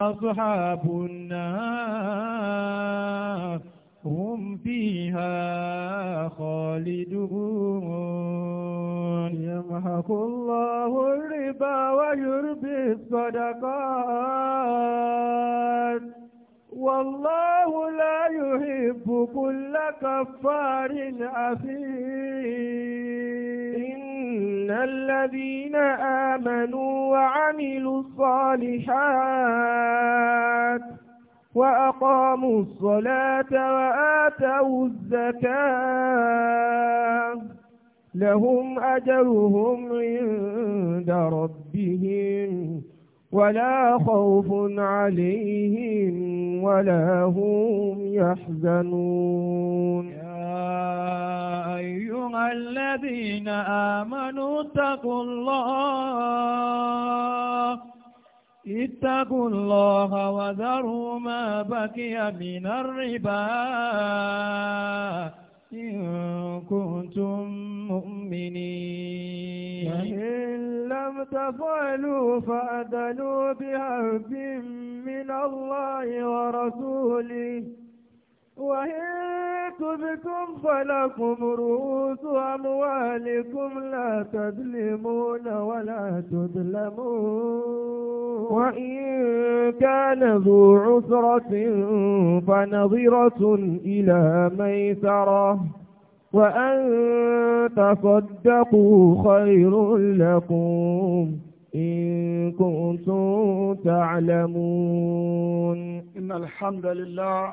أصحاب النار هم فيها خالدون يمحق الله الربا ويربي الصدقات والله لا يحب كل كفار أثيم إن الذين آمنوا وعملوا الصالحات وأقاموا الصلاة وآتوا الزكاة لهم أجرهم عند ربهم ولا خوف عليهم ولا هم يحزنون أيها الذين آمنوا اتقوا الله اتقوا الله وذروا ما بقي من الربا إن كنتم مؤمنين إن لم تفعلوا فأذنوا بحرب من الله ورسوله وإن تبتم فلكم رؤوس أموالكم لا تظلمون ولا تظلمون وإن كان ذو عسرة فنظرة إلى ميسرة وأن تصدقوا خير لكم إن كنتم تعلمون إن الحمد لله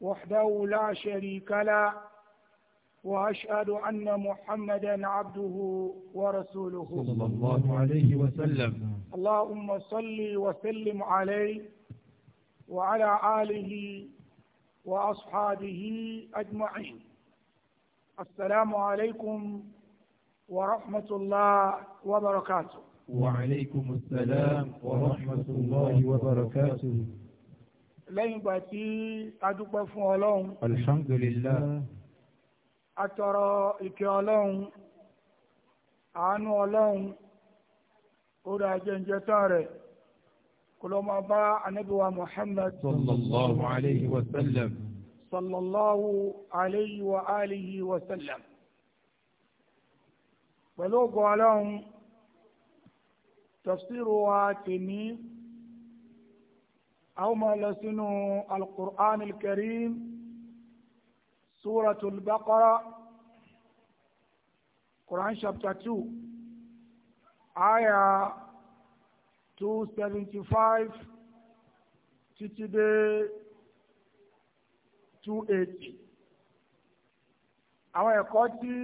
وحده لا شريك له وأشهد أن محمدا عبده ورسوله صلى الله عليه وسلم اللهم صل وسلم عليه وعلى آله وأصحابه أجمعين السلام عليكم ورحمة الله وبركاته وعليكم السلام ورحمة الله وبركاته lẹ́yìn ìgbà tí a dúpẹ́ fún ọlọ́run. alhamdulillah. a tọrọ ìkẹ́ ọlọ́run àánú ọlọ́run orí ajẹ́njẹ́ tán rẹ̀ kó ló máa bá anábíwá muhammad. sallallahu alayhi wa sallam. sallallahu alayhi wa alihi wa sallam. pẹ̀lú ògùn ọlọ́run tafsiru wa tèmi. أو ما لسنوا القرآن الكريم سورة البقرة Quran chapter 2 aya 275 títí dé 280 àwọn ẹ̀kọ́ tí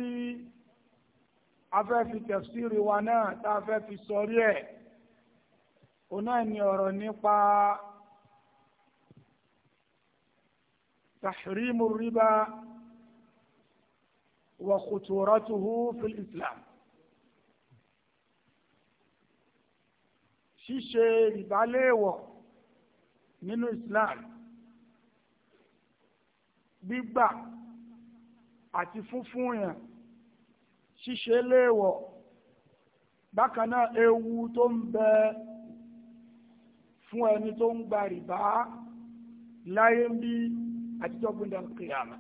a fẹ́ fi tafsiri wa náà tá a fẹ́ fi sọrí ẹ̀ òun náà ni ọ̀rọ̀ nípa. تحريم الربا وخطورته في الإسلام ṣíṣe ìbálẹ̀wọ̀ nínú Islam gbígbà àti fúnfún yàn ṣíṣe léèwọ̀ bákan náà ewu tó ń bẹ fún ẹni tó ń gba rìbá láyé ń bí àtijọ́ gbúndà kìyàmà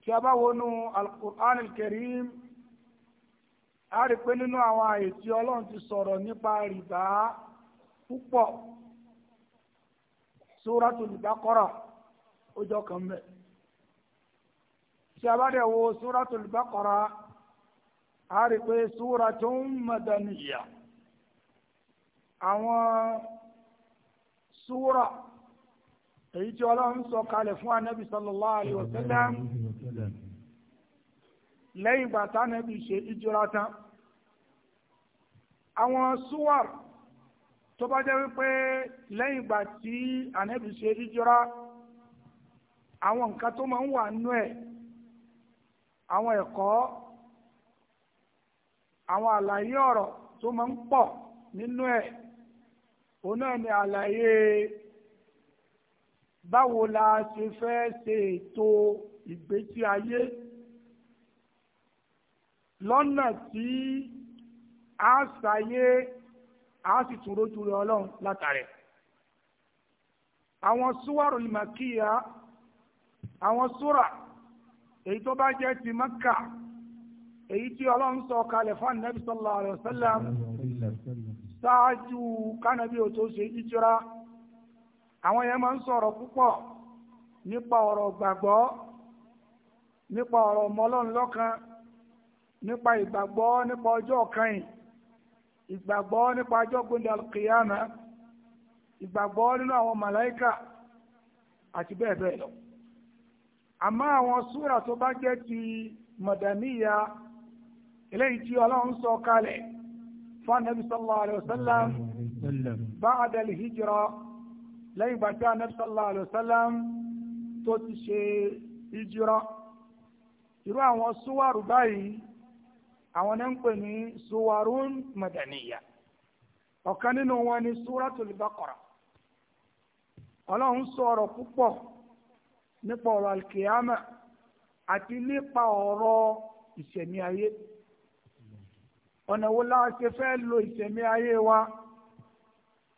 tí a bá wọnú al-Qur'an al-Karim a rí pé nínú àwọn àyè tí ọlọ́run ti sọ̀rọ̀ nípa rìbá púpọ̀ Suratul Baqara ó jọ kan bẹ̀ tí a bá dẹ̀ wo Suratul Baqara a rí pé suratun madaniyya àwọn súra èyí tí ọlọ́run sọ kalẹ̀ fún anábì sallallahu alaihi wasallam lẹ́yìn ìgbà tánábì ṣe ìjọra tán àwọn súwàr tó bá jẹ́ wípé lẹ́yìn ìgbà tí anábì ṣe ìjọra àwọn nǹkan tó máa ń wà nú ẹ̀ àwọn ẹ̀kọ́ àwọn àlàyé ọ̀rọ̀ tó máa ń pọ̀ nínú ẹ̀ òun náà ni àlàyé báwo la ṣe fẹ́ ṣe ètò ìgbésí ayé lọ́nà tí a ṣàyé a sì tún rójú rẹ ọlọ́run látàrẹ̀ àwọn súwárò ìmàkíyà àwọn súrà èyí tó bá jẹ́ ti Mákà èyí tí ọlọ́run sọ kalẹ̀ fún Ànábì sallallahu alaihi wasallam ṣáájú kánábí ò tó ṣe ìjọra àwọn yẹn máa ń sọ̀rọ̀ púpọ̀ nípa ọ̀rọ̀ gbàgbọ́ nípa ọ̀rọ̀ ọmọ lọ́kan nípa ìgbàgbọ́ nípa ọjọ́ kẹyìn ìgbàgbọ́ nípa ọjọ́ gbòǹdà kìyàmà ìgbàgbọ́ nínú àwọn màláìkà àti bẹ́ẹ̀ bẹ́ẹ̀ lọ. àmọ́ àwọn súrà tó bá jẹ́ ti mọ̀dàníyà eléyìí tí lẹ́yìn ìgbà tí Ànábì sallallahu alaihi wasallam tó ti ṣe ìjírọ́ irú àwọn súwárù báyìí àwọn náà ń pè ní súwárùn màdàníyà ọ̀kan nínú wọn ni súratul Baqara ọlọ́run sọ̀rọ̀ púpọ̀ nípa ọ̀rọ̀ alkiyama àti nípa ọ̀rọ̀ ìṣẹ̀mí ayé ọ̀nà wo la ṣe fẹ́ lo ìṣẹ̀mí ayé wa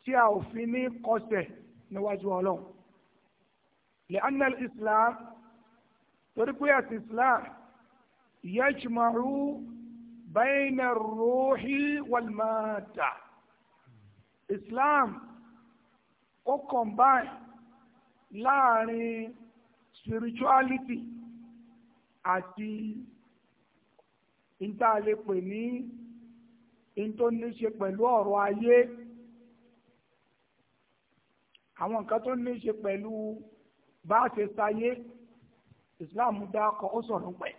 tí a ò fi ní kọsẹ̀ níwájú ọlọ́run lè anal islam torí pé àti islam yajma'u bayna ruhi wal islam ó combine láàrin spirituality àti ìta lè pè ní ìtò ní ṣe pẹ̀lú ọ̀rọ̀ ayé àwọn nǹkan tó ní í ṣe pẹ̀lú bá a ṣe sáyé islam dákọ ó sọ̀rọ̀ pẹ̀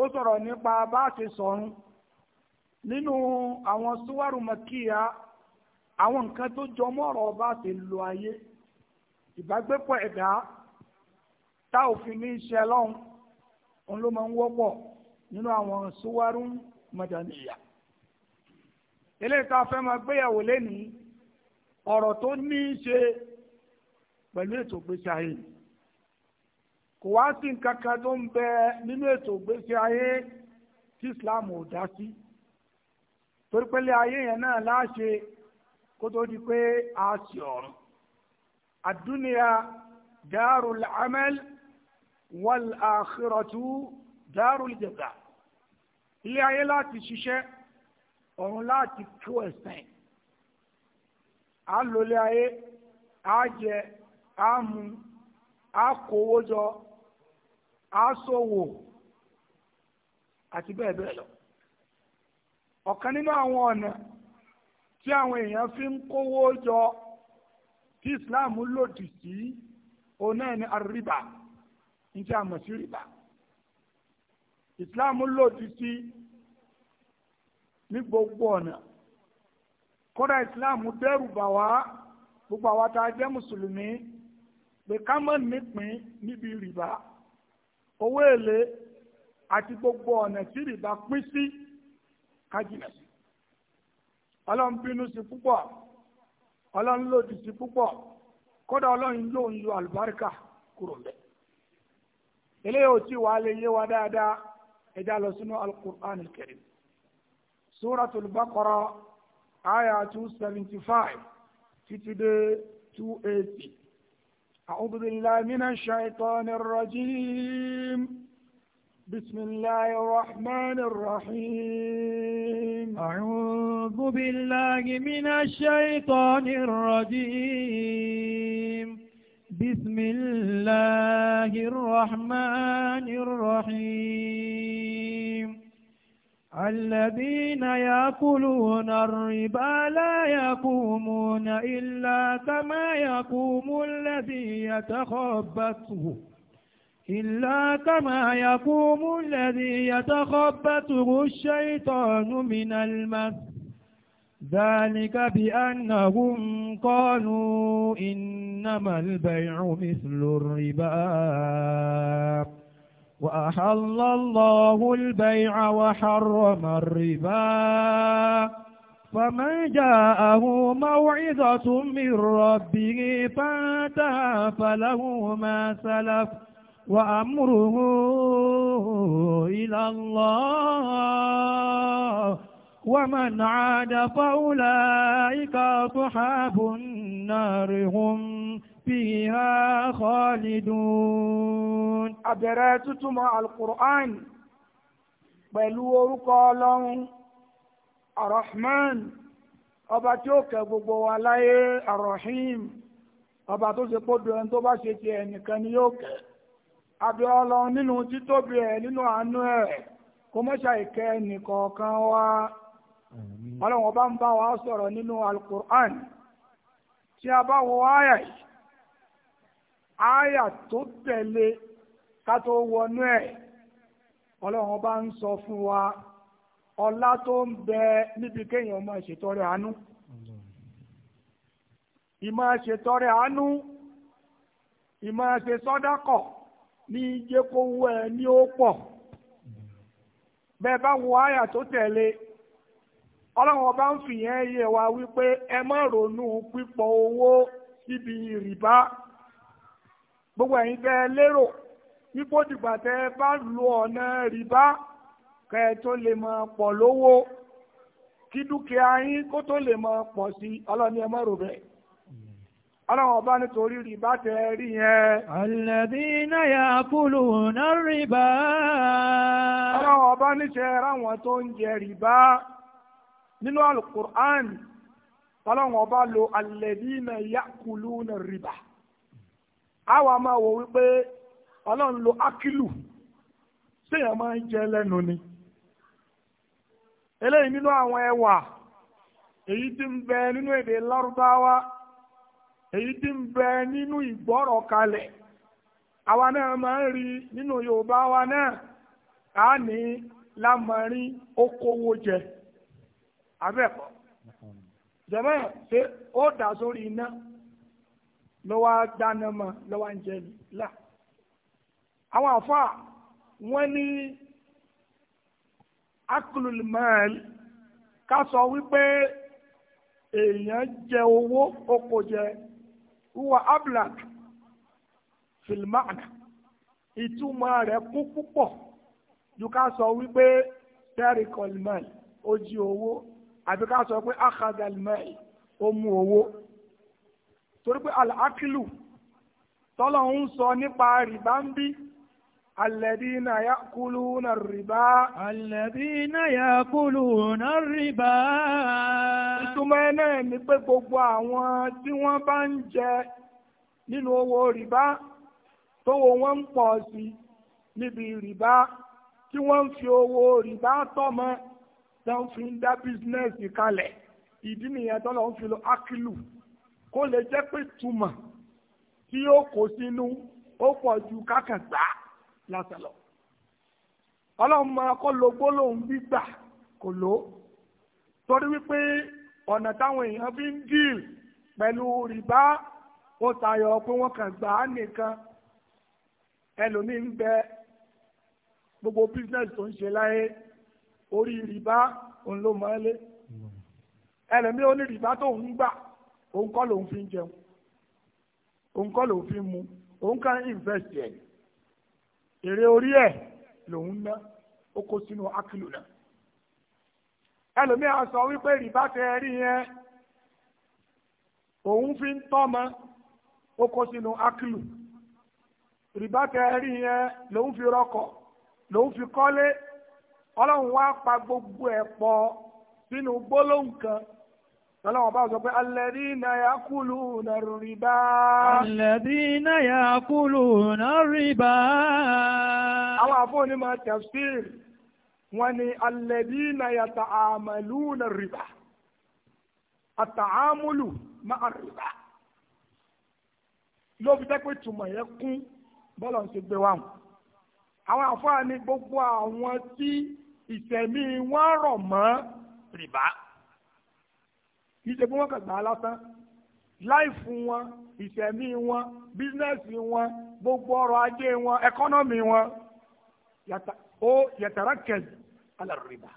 ó sọ̀rọ̀ nípa bá a ṣe sọ̀run nínú àwọn súwárù mọ́kíyà àwọn nǹkan tó jọ mọ́rọ̀ bá a ṣe lo ayé ìbágbépọ̀ ẹ̀dá tá òfin ní iṣẹ́ lọ́hùn òun ló máa ń wọ́pọ̀ nínú àwọn súwárù mọ́dàníyà eléyìí tá a fẹ́ máa gbéyàwó lénìí ọ̀rọ̀ tó ní í ṣe pẹ̀lú ètò ìgbésí ayé kò wá sí nǹkan kan tó ń bẹ nínú ètò ìgbésí ayé tí Islam ò dá sí torí pẹ́lẹ́ ayé yẹn náà láṣe kó tó di pé a sì ọ̀run àdúnìyà darul amal wal akhiratu darul jaza ilé ayé láti ṣiṣẹ́ ọ̀run láti kó ẹ̀sìn á lólé ayé á jẹ á mu á àti bẹ́ẹ̀ bẹ́ẹ̀ lọ. ọ̀kan nínú àwọn ọ̀nà tí àwọn èèyàn fi ń kówó jọ tí Islam lòdì sí ní sí kódà islam dẹ́rù bà wá gbogbo àwa tá a jẹ́ mùsùlùmí pé ká má nípìn níbi rìbá owó èlé àti gbogbo ọ̀nà tí rìbá pín sí ká jìnà sí ọlọ́run bínú sí púpọ̀ ọlọ́run lòdì sí púpọ̀ kódà ọlọ́run ló ń yọ àlùbáríkà kúrò lẹ̀ eléyìí ò tí wàá lè yé wa dáadáa ẹ̀dá lọ sínú alukur'an kẹrin suratul baqara aya two seventy five títí dé two eighty. أعوذ بالله من الشيطان الرجيم بسم الله الرحمن الرحيم أعوذ بالله من الشيطان الرجيم بسم الله الرحمن الرحيم الذين يأكلون الربا لا يقومون إلا كما يقوم الذي يتخبطه إلا كما يقوم الذي يتخبطه الشيطان من المس ذلك بأنهم قالوا إنما البيع مثل الربا وأحل الله البيع وحرم الربا فمن جاءه موعظة من ربه فانتهى فله ما سلف وأمره إلى الله ومن عاد فأولئك أصحاب النار هم فيها خالدون أبراتتم القرآن بلور قالوا الرحمن ọba tí ó kẹ́ gbogbo wa láyé arọhìm ọba tó ṣe kódo ẹni tó bá ṣe ti ẹnìkan ni yóò kẹ́ abẹ Ọlọ́run nínú títóbi ẹ nínú àánú ẹ kó mọṣà ìkẹ́ ẹnìkọ̀ọ̀kan wa Ọlọ́run ọba ń bá wa sọ̀rọ̀ nínú alukur'an tí a bá wo àyà yìí Aya tó tẹ̀lé ká tó wọnú ẹ̀ ọlọ́run bá ń sọ fún wa ọlá tó ń bẹ níbi kéèyàn máa ṣètọrẹ àánú ìmọ̀ ṣètọrẹ àánú ìmọ̀ ṣe sọ́dákọ̀ ní jẹ́ ẹ ní ó pọ̀ bẹ́ẹ̀ bá wo àyà tó tẹ̀lé ọlọ́run ọba ń fìyẹn yé wa wípé ẹ má ronú pípọ̀ owó síbi rìbá. gbogbo ẹ̀yin tẹ́ ẹ lérò nípò dìgbà ẹ bá lo ọ̀nà rìbá kẹ ẹ tó lè máa pọ̀ lówó kí dúkìá yín kó tó lè pọ̀ sí ọlọ́ni ẹ má bẹ́ẹ̀ ọlọ́run ọba nítorí rìbá tẹ rí yẹn. alladhina ya'kuluna rìbá. ọlọ́run ọba níṣẹ́ ráwọn tó ń jẹ rìbá nínú alukur'an ọlọ́run ọba lo rìbá. àwa máa wò wípé ọlọ́run lo akílù séèyàn máa ń jẹ lẹ́nu ni eléyìí nínú àwọn ẹwà èyí tí ń bẹ nínú èdè lárúbáwá èyí tí ń bẹ nínú ìgbọ́rọ̀ kalẹ̀ àwa náà máa ń rí nínú yorùbá wa náà a ní lámarin okòwò jẹ lọ́wọ́ dáná mọ́ lọ́wọ́ ń jẹ ní là àwọn àfa wọn ní akululmaal ká sọ wípé èèyàn jẹ owó ó kò jẹ wúwa ablak filmana ìtumọ̀ rẹ̀ kún púpọ̀ ju ká sọ wípé tẹ́rìkọ̀lmaal ó jí owó àbí ká sọ pé akadalmaal ó mú owó torí pé al-akilu tọ́lọ̀ ń sọ nípa rìbá ń bí الذين يأكلون الربا الذين يأكلون الربا ìtumọ̀ ẹ̀ náà ni pé gbogbo àwọn tí wọ́n bá ń jẹ nínú owó rìbá tówó wọn ń pọ̀ sí níbi rìbá tí wọ́n ń fi owó rìbá tọ́mọ tó ń fi ń dá bísínẹ́sì kalẹ̀ ìdí nìyẹn tó lọ́n fi lo akilu kó lè jẹ́ pé túmọ̀ tí ó kó sínú ó pọ̀ ju kákàgbá lásán lọ ọlọ́run máa kọ́ lo gbólóhùn gbígbà kò ló torí wípé ọ̀nà táwọn èèyàn fi ń díìl pẹ̀lú rìbá ó tayọ pé wọ́n kàn gbà á nìkan ẹlòmíín bẹ gbogbo bísínẹ́sì tó ń ṣe láyé orí rìbá òun ló mọ́ lé ẹlòmíín ó ní rìbá tó ń gbà òun kọ́ lòun fi ń jẹun òun kọ́ lòun fi ń mu òun kàn invest ẹ̀ èrè orí ẹ̀ lòun ná ó kó sínú akílù náà ẹlòmíràn sọ wípé rìbá tẹ ẹ rí yẹn fi ń tọ́mọ ó kó sínú akílù rìbá tẹ ẹ rí yẹn lòun fi rọkọ̀ lòun fi kọ́lé ọlọ́run wá pa gbogbo ẹ̀ Ọlọ́run bá sọ pé, Alladhina ya'kuluna ar-riba. Alladhina ya'kuluna ar-riba. Àwọn máa tafsir, wọ́n ni Alladhina yata'amaluna ar-riba. At-ta'amulu ma'a ar-riba. Ló fi jẹ́ pé tùmọ̀ yẹn kún bọ́lọ̀ ń ṣe gbé wa. Àwọn àfóònì gbogbo àwọn tí ìtẹ̀mí wọn rọ̀ mọ́ rìbá kì í ṣe bí wọ́n kàn gbà á lásán láìfù wọn ìṣẹ̀mí wọn bísínẹ́sì wọn gbogbo ọrọ̀ ajé wọn ẹkọ́nọ́mì wọn ó yàtàrà kẹ̀lì ala rìbá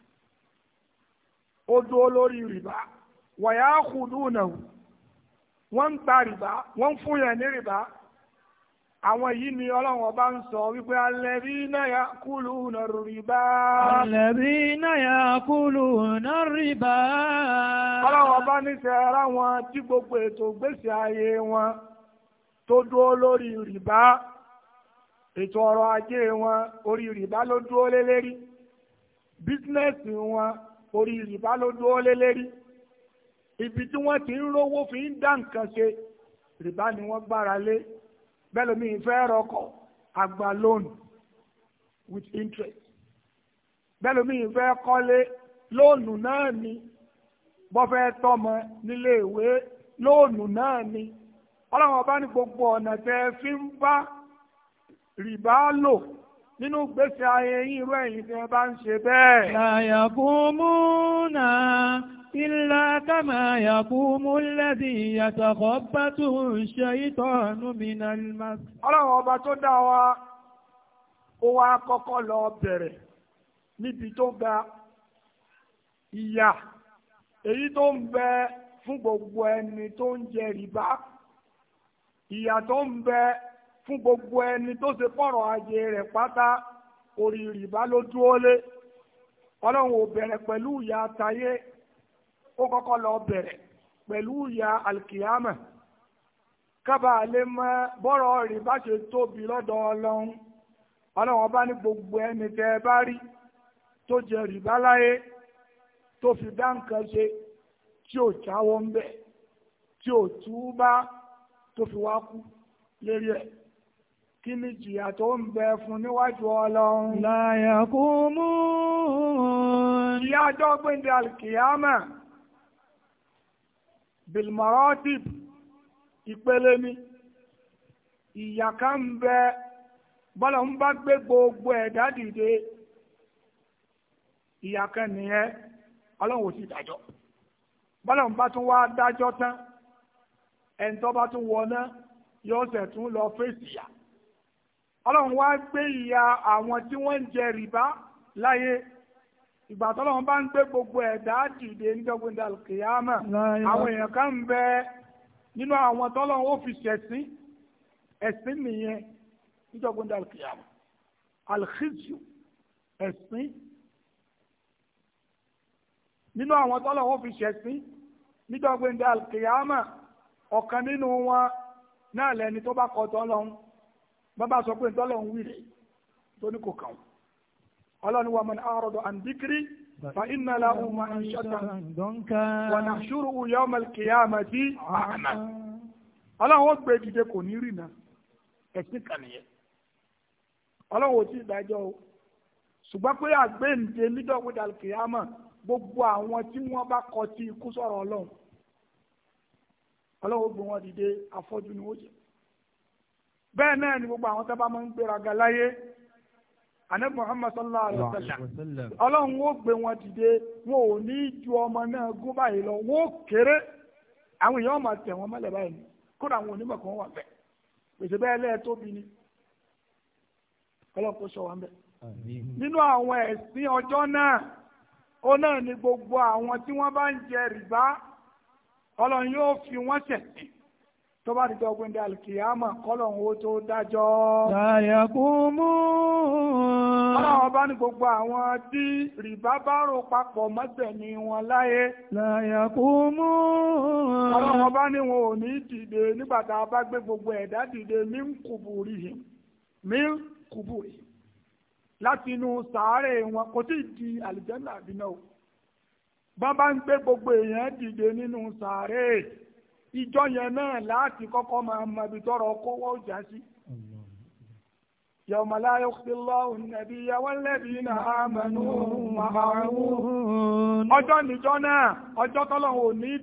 ó dúró lórí rìbá wàyà kùdù náà wọ́n ń ta rìbá wọ́n ń fún yàn ní rìbá àwọn yìí ni ọlọ́run ọba ń sọ wípé alẹ́bí náà ya kúlù náà rìbá alẹ́bí náà ya kúlù náà rìbá ọlọ́run ọba níṣẹ́ ara wọn tí gbogbo ètò gbèsè ayé wọn tó dúó lórí rìbá ètò ọrọ̀ ajé wọn orí rìbá ló dúó lé lérí bísínẹ́sì wọn orí rìbá ló dúó lé ibi tí wọ́n ti ń rówó fi ń dá nǹkan ṣe rìbá ni wọ́n gbára lé bẹ́ẹ̀ lómi ìfẹ́ rọkọ̀ àgbà loan with interest bẹ́ẹ̀ lómi ìfẹ́ kọ́lé lóònù náà ni bọ́fẹ́ tọ́mọ nílé ìwé lóònù náà ni ọlọ́run ọba ní gbogbo ọ̀nà tẹ́ fi ń bá rìbá lò nínú gbèsè ayé yín irú ẹ̀yìn tẹ́ bá ń ṣe bẹ́ẹ̀. àyàkùn mú náà. إلا كما يقوم الذي يتخبطه الشيطان من المس ọlọ́run ọba tó dá wa ó wá kọ́kọ́ lọ bẹ̀rẹ̀ níbi tó gbogbo ẹni tó ń jẹ rìbá ìyà tó ń bẹ fún gbogbo ẹni tó ṣe pọ̀rọ̀ ajé rẹ̀ pátá orí rìbá ló dúró lé ọlọ́run ò bẹ̀rẹ̀ pẹ̀lú ìyà tayé ó kọ́kọ́ lọ bẹ̀rẹ̀ pẹ̀lú ìyà alkiyama kábà lè mọ bọ́rọ̀ rí bá ṣe tóbi lọ́dọ̀ ọlọ́run ọlọ́run ọba ní gbogbo ẹni tẹ́ ẹ bá rí tó jẹ rìbá láyé tó fi dá nǹkan ṣe tí ò jáwọ́ ń bẹ̀ tí ò túbá tó fi wá kú lérí ẹ̀ kí ni jìyà tó ń bẹ fún níwájú ọlọ́run. láyà kú mú. ìyá àjọ gbẹ̀ndẹ̀ alkiyama. bilmaratib ìpele ni ìyà kan ń bẹ bọ́lá ń bá gbé gbogbo ẹ̀dá dìde ìyà kan nìyẹn ọlọ́run ò sì dájọ́ bọ́lá ń bá tún wá dájọ́ tán ẹni tó bá tún wọná yóò ṣẹ̀ tún lọ fèsì yà ọlọ́run wá gbé ìyà àwọn tí wọ́n ń jẹ rìbá láyé ìgbà tọ́lọ́run bá ń gbé gbogbo ẹ̀dá dìde níjọ́gbìn dàlùkìyàmà àwọn èèyàn kan ń bẹ nínú àwọn tọ́lọ́run ó fi ṣẹ̀sín ẹ̀sín nìyẹn níjọ́gbìn dàlùkìyàmà alkhizyu ẹ̀sín nínú àwọn tọ́lọ́run ó fi ṣẹ̀sín níjọ́gbìn dàlùkìyàmà ọ̀kan nínú wọn náà lẹni tó bá kọ́ tọ́lọ́run bàbá sọ pé tọ́lọ́run wí tó ní kò kàn wọ́n ọlọ́ni wa man arọ́dọ̀ àǹdíkiri fa inna lahu ma'ishatan wa nahshuruhu yawma al-qiyamati a'ma ọlọ́run ó gbé dìde kò ní rìnà ẹ̀sìn kànìyẹ ọlọ́run ò tí ì dájọ́ o ṣùgbọ́n pé àgbéǹde nídọ̀gbọ́dà al-qiyama gbogbo àwọn tí wọ́n bá kọ tí ikú sọ̀rọ̀ ọlọ́run ọlọ́run ó gbé wọn dìde afọ́jú ni ó jẹ bẹ́ẹ̀ náà ni gbogbo àwọn tó máa ń gbéraga láyé anabi muhammad sallallahu alayhi wa sallam ọlọ́run ó gbé wọn dìde wọn ò ní ju ọmọ náà gún báyìí lọ wọn ó kéré àwọn èèyàn máa báyìí kódà àwọn kan wà bẹ́ẹ̀ pèsè ni kò sọ wọn bẹ. nínú àwọn ẹ̀sìn ọjọ náà ó náà ni gbogbo àwọn tí wọn bá ń jẹ fi wọn tó bá ti tọ́gbìn dé alìkìyàmọ̀ kọ́lọ̀hún ó tó dájọ́. ṣàyẹ̀kú mú. ọlọ́run bá ní gbogbo àwọn tí rìbá bá rò papọ̀ mọ́sẹ̀mí wọn láyé. ṣàyẹ̀kú mú. ọlọ́run bá ní wọn ò ní dìde nígbà tá a bá gbé gbogbo ẹ̀dá dìde mí ń kùbùrì yìí mí ń kùbùrì yìí láti inú sàárè wọn kò tí ì di àlìjẹ́ńdà àbínà bá bá ń gbé gbogbo èèyàn dìde nínú sàárè ìjọ yẹn náà láti kọ́kọ́ máa mọ ibi tọrọ kówó já sí. يوم لا يخزي الله النبي والذين آمنوا معه ọjọ́ níjọ́ náà ọjọ́ tọ́lọ́hun ò ní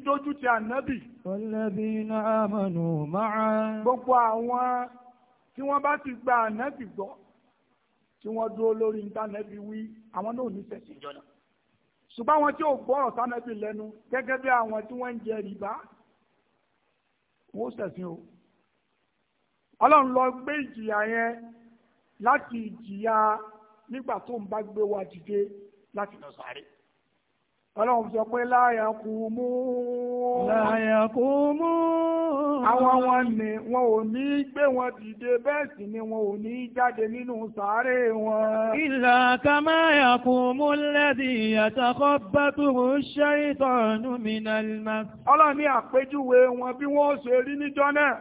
والذين آمنوا معه. gbogbo àwọn tí wọ́n bá ti gba ànábì gbọ́ tí wọ́n dúró lórí ìtànẹ́bí wí àwọn náà ò ní ṣẹ̀sìn jọ náà. ṣùgbọ́n àwọn tí ò gbọ́ ọ̀tánẹ́bí lẹ́nu owó sẹ̀sìn o ọlọ́run lọ gbé ìjìyà yẹn láti ìjìyà nígbà tó ń bá gbé wa dìde láti lọ sáré ọlọ́run sọ pé láyà kú mú. láyà kú mú. àwọn wọn ni wọn ò ní gbé wọn dìde bẹ́ẹ̀ sì ni wọn ò ní jáde nínú sàárè wọn. ìlà kàmá yà kú mú lẹ́dí àtàkọ́ bá tòun ṣe ìtọ́nù mi náà lè. ọlọ́run ní àpèjúwe wọn bí wọ́n ṣe rí níjọ́ náà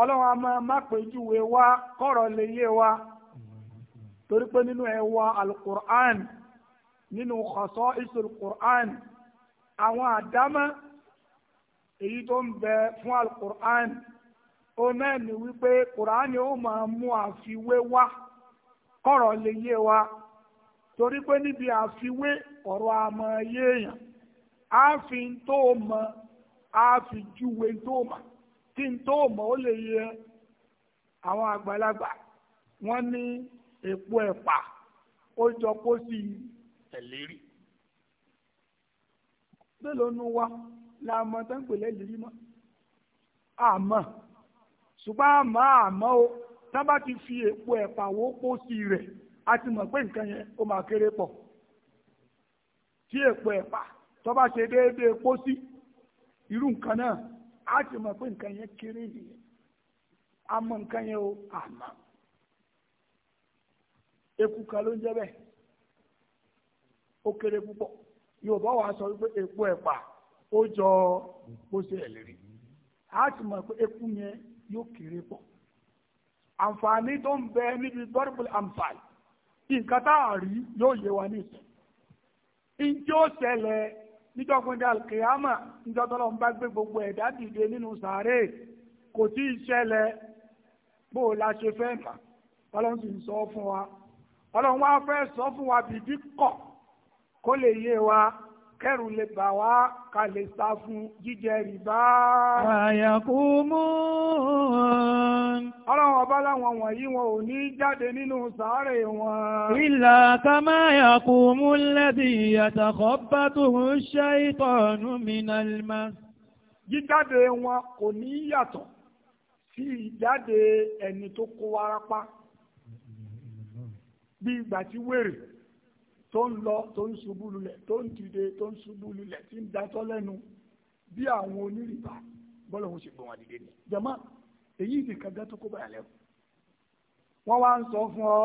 ọlọ́run a máa má pèjúwe wa kọ́rọ̀ lè yé wa torí pé nínú ẹ̀wà alukur'an nínú khasa'isul Qur'an àwọn àdámọ́ èyí tó ń bẹ fún al-Qur'an ó náà ní wípé Qur'an ó máa mú àfiwé wá kọ̀rọ̀ lè yé wa torí pé níbi àfiwé ọ̀rọ̀ àmọ́ yéèyàn á tó mọ á júwe tó mọ kí n tó mọ ó lè yẹ àwọn àgbàlagbà wọ́n ní èpo ẹ̀pà ó jọ kó sí i tẹ̀lé rí. mélòó nu wa la mọ tó ń pè lẹ́yìn rí mọ́ àmọ́ ṣùgbọ́n àmọ́ o tá bá ti fi èpo ẹ̀pà wó pò sí rẹ̀ a ti mọ̀ pé nǹkan yẹn ó máa kéré pọ̀ tí èpo ẹ̀pà tó bá ṣe déédéé pò sí irú nǹkan náà a ti mọ̀ pé nǹkan yẹn kéré nìyẹn àmọ́ nǹkan yẹn o àmọ́ eku kan ló ń jẹ́ bẹ́ẹ̀ ó kéré púpọ̀ yorùbá wa sọ wípé epo ẹ̀pà ó jọ bó ṣe ẹ̀ lérí a ti mọ̀ pé epo yẹn yóò kéré pọ̀ àǹfààní tó ń bẹ níbi bọ́rìbùlì àǹfààní nǹkan tá a rí yóò yé wa ní ìsìn njẹ́ ó ṣẹlẹ̀ níjọ́gbọ́n dà kìámà níjọ́ tọ́lọ́ ń bá gbé gbogbo ẹ̀dá dìde nínú sàárè kò tí ì ṣẹlẹ̀ bó o la ṣe fẹ́ mà ọlọ́run sì ń sọ fún wa ọlọ́run wá fẹ́ sọ fún wa bìbí kọ̀ kó lè yé wa kẹrù lè bà wá ká lè sá fún jíjẹ rìbá. àyàkú mú un. ọlọ́run ọba láwọn wọ̀nyí wọn ò ní jáde nínú sàárè wọn. ìlà kama yàkú mú lẹ́bí àtàkọ́ bá tóun ṣe ìtọ̀nù mi náà lè máa. jíjáde wọn kò ní yàtọ̀ sí ìjáde ẹni tó kó warapa bí ìgbà tí wèrè tó ń lọ tó ń ṣubú lulẹ̀ tó ń dìde tó ń ṣubú lulẹ̀ tí ń datọ́ lẹ́nu bí àwọn onírìbá bọ́lá òun ṣe gbọ̀n wọn dìde ni jama èyí ti kàgá tó kó báyà lẹ́wọ̀ wọ́n wá ń sọ fún ọ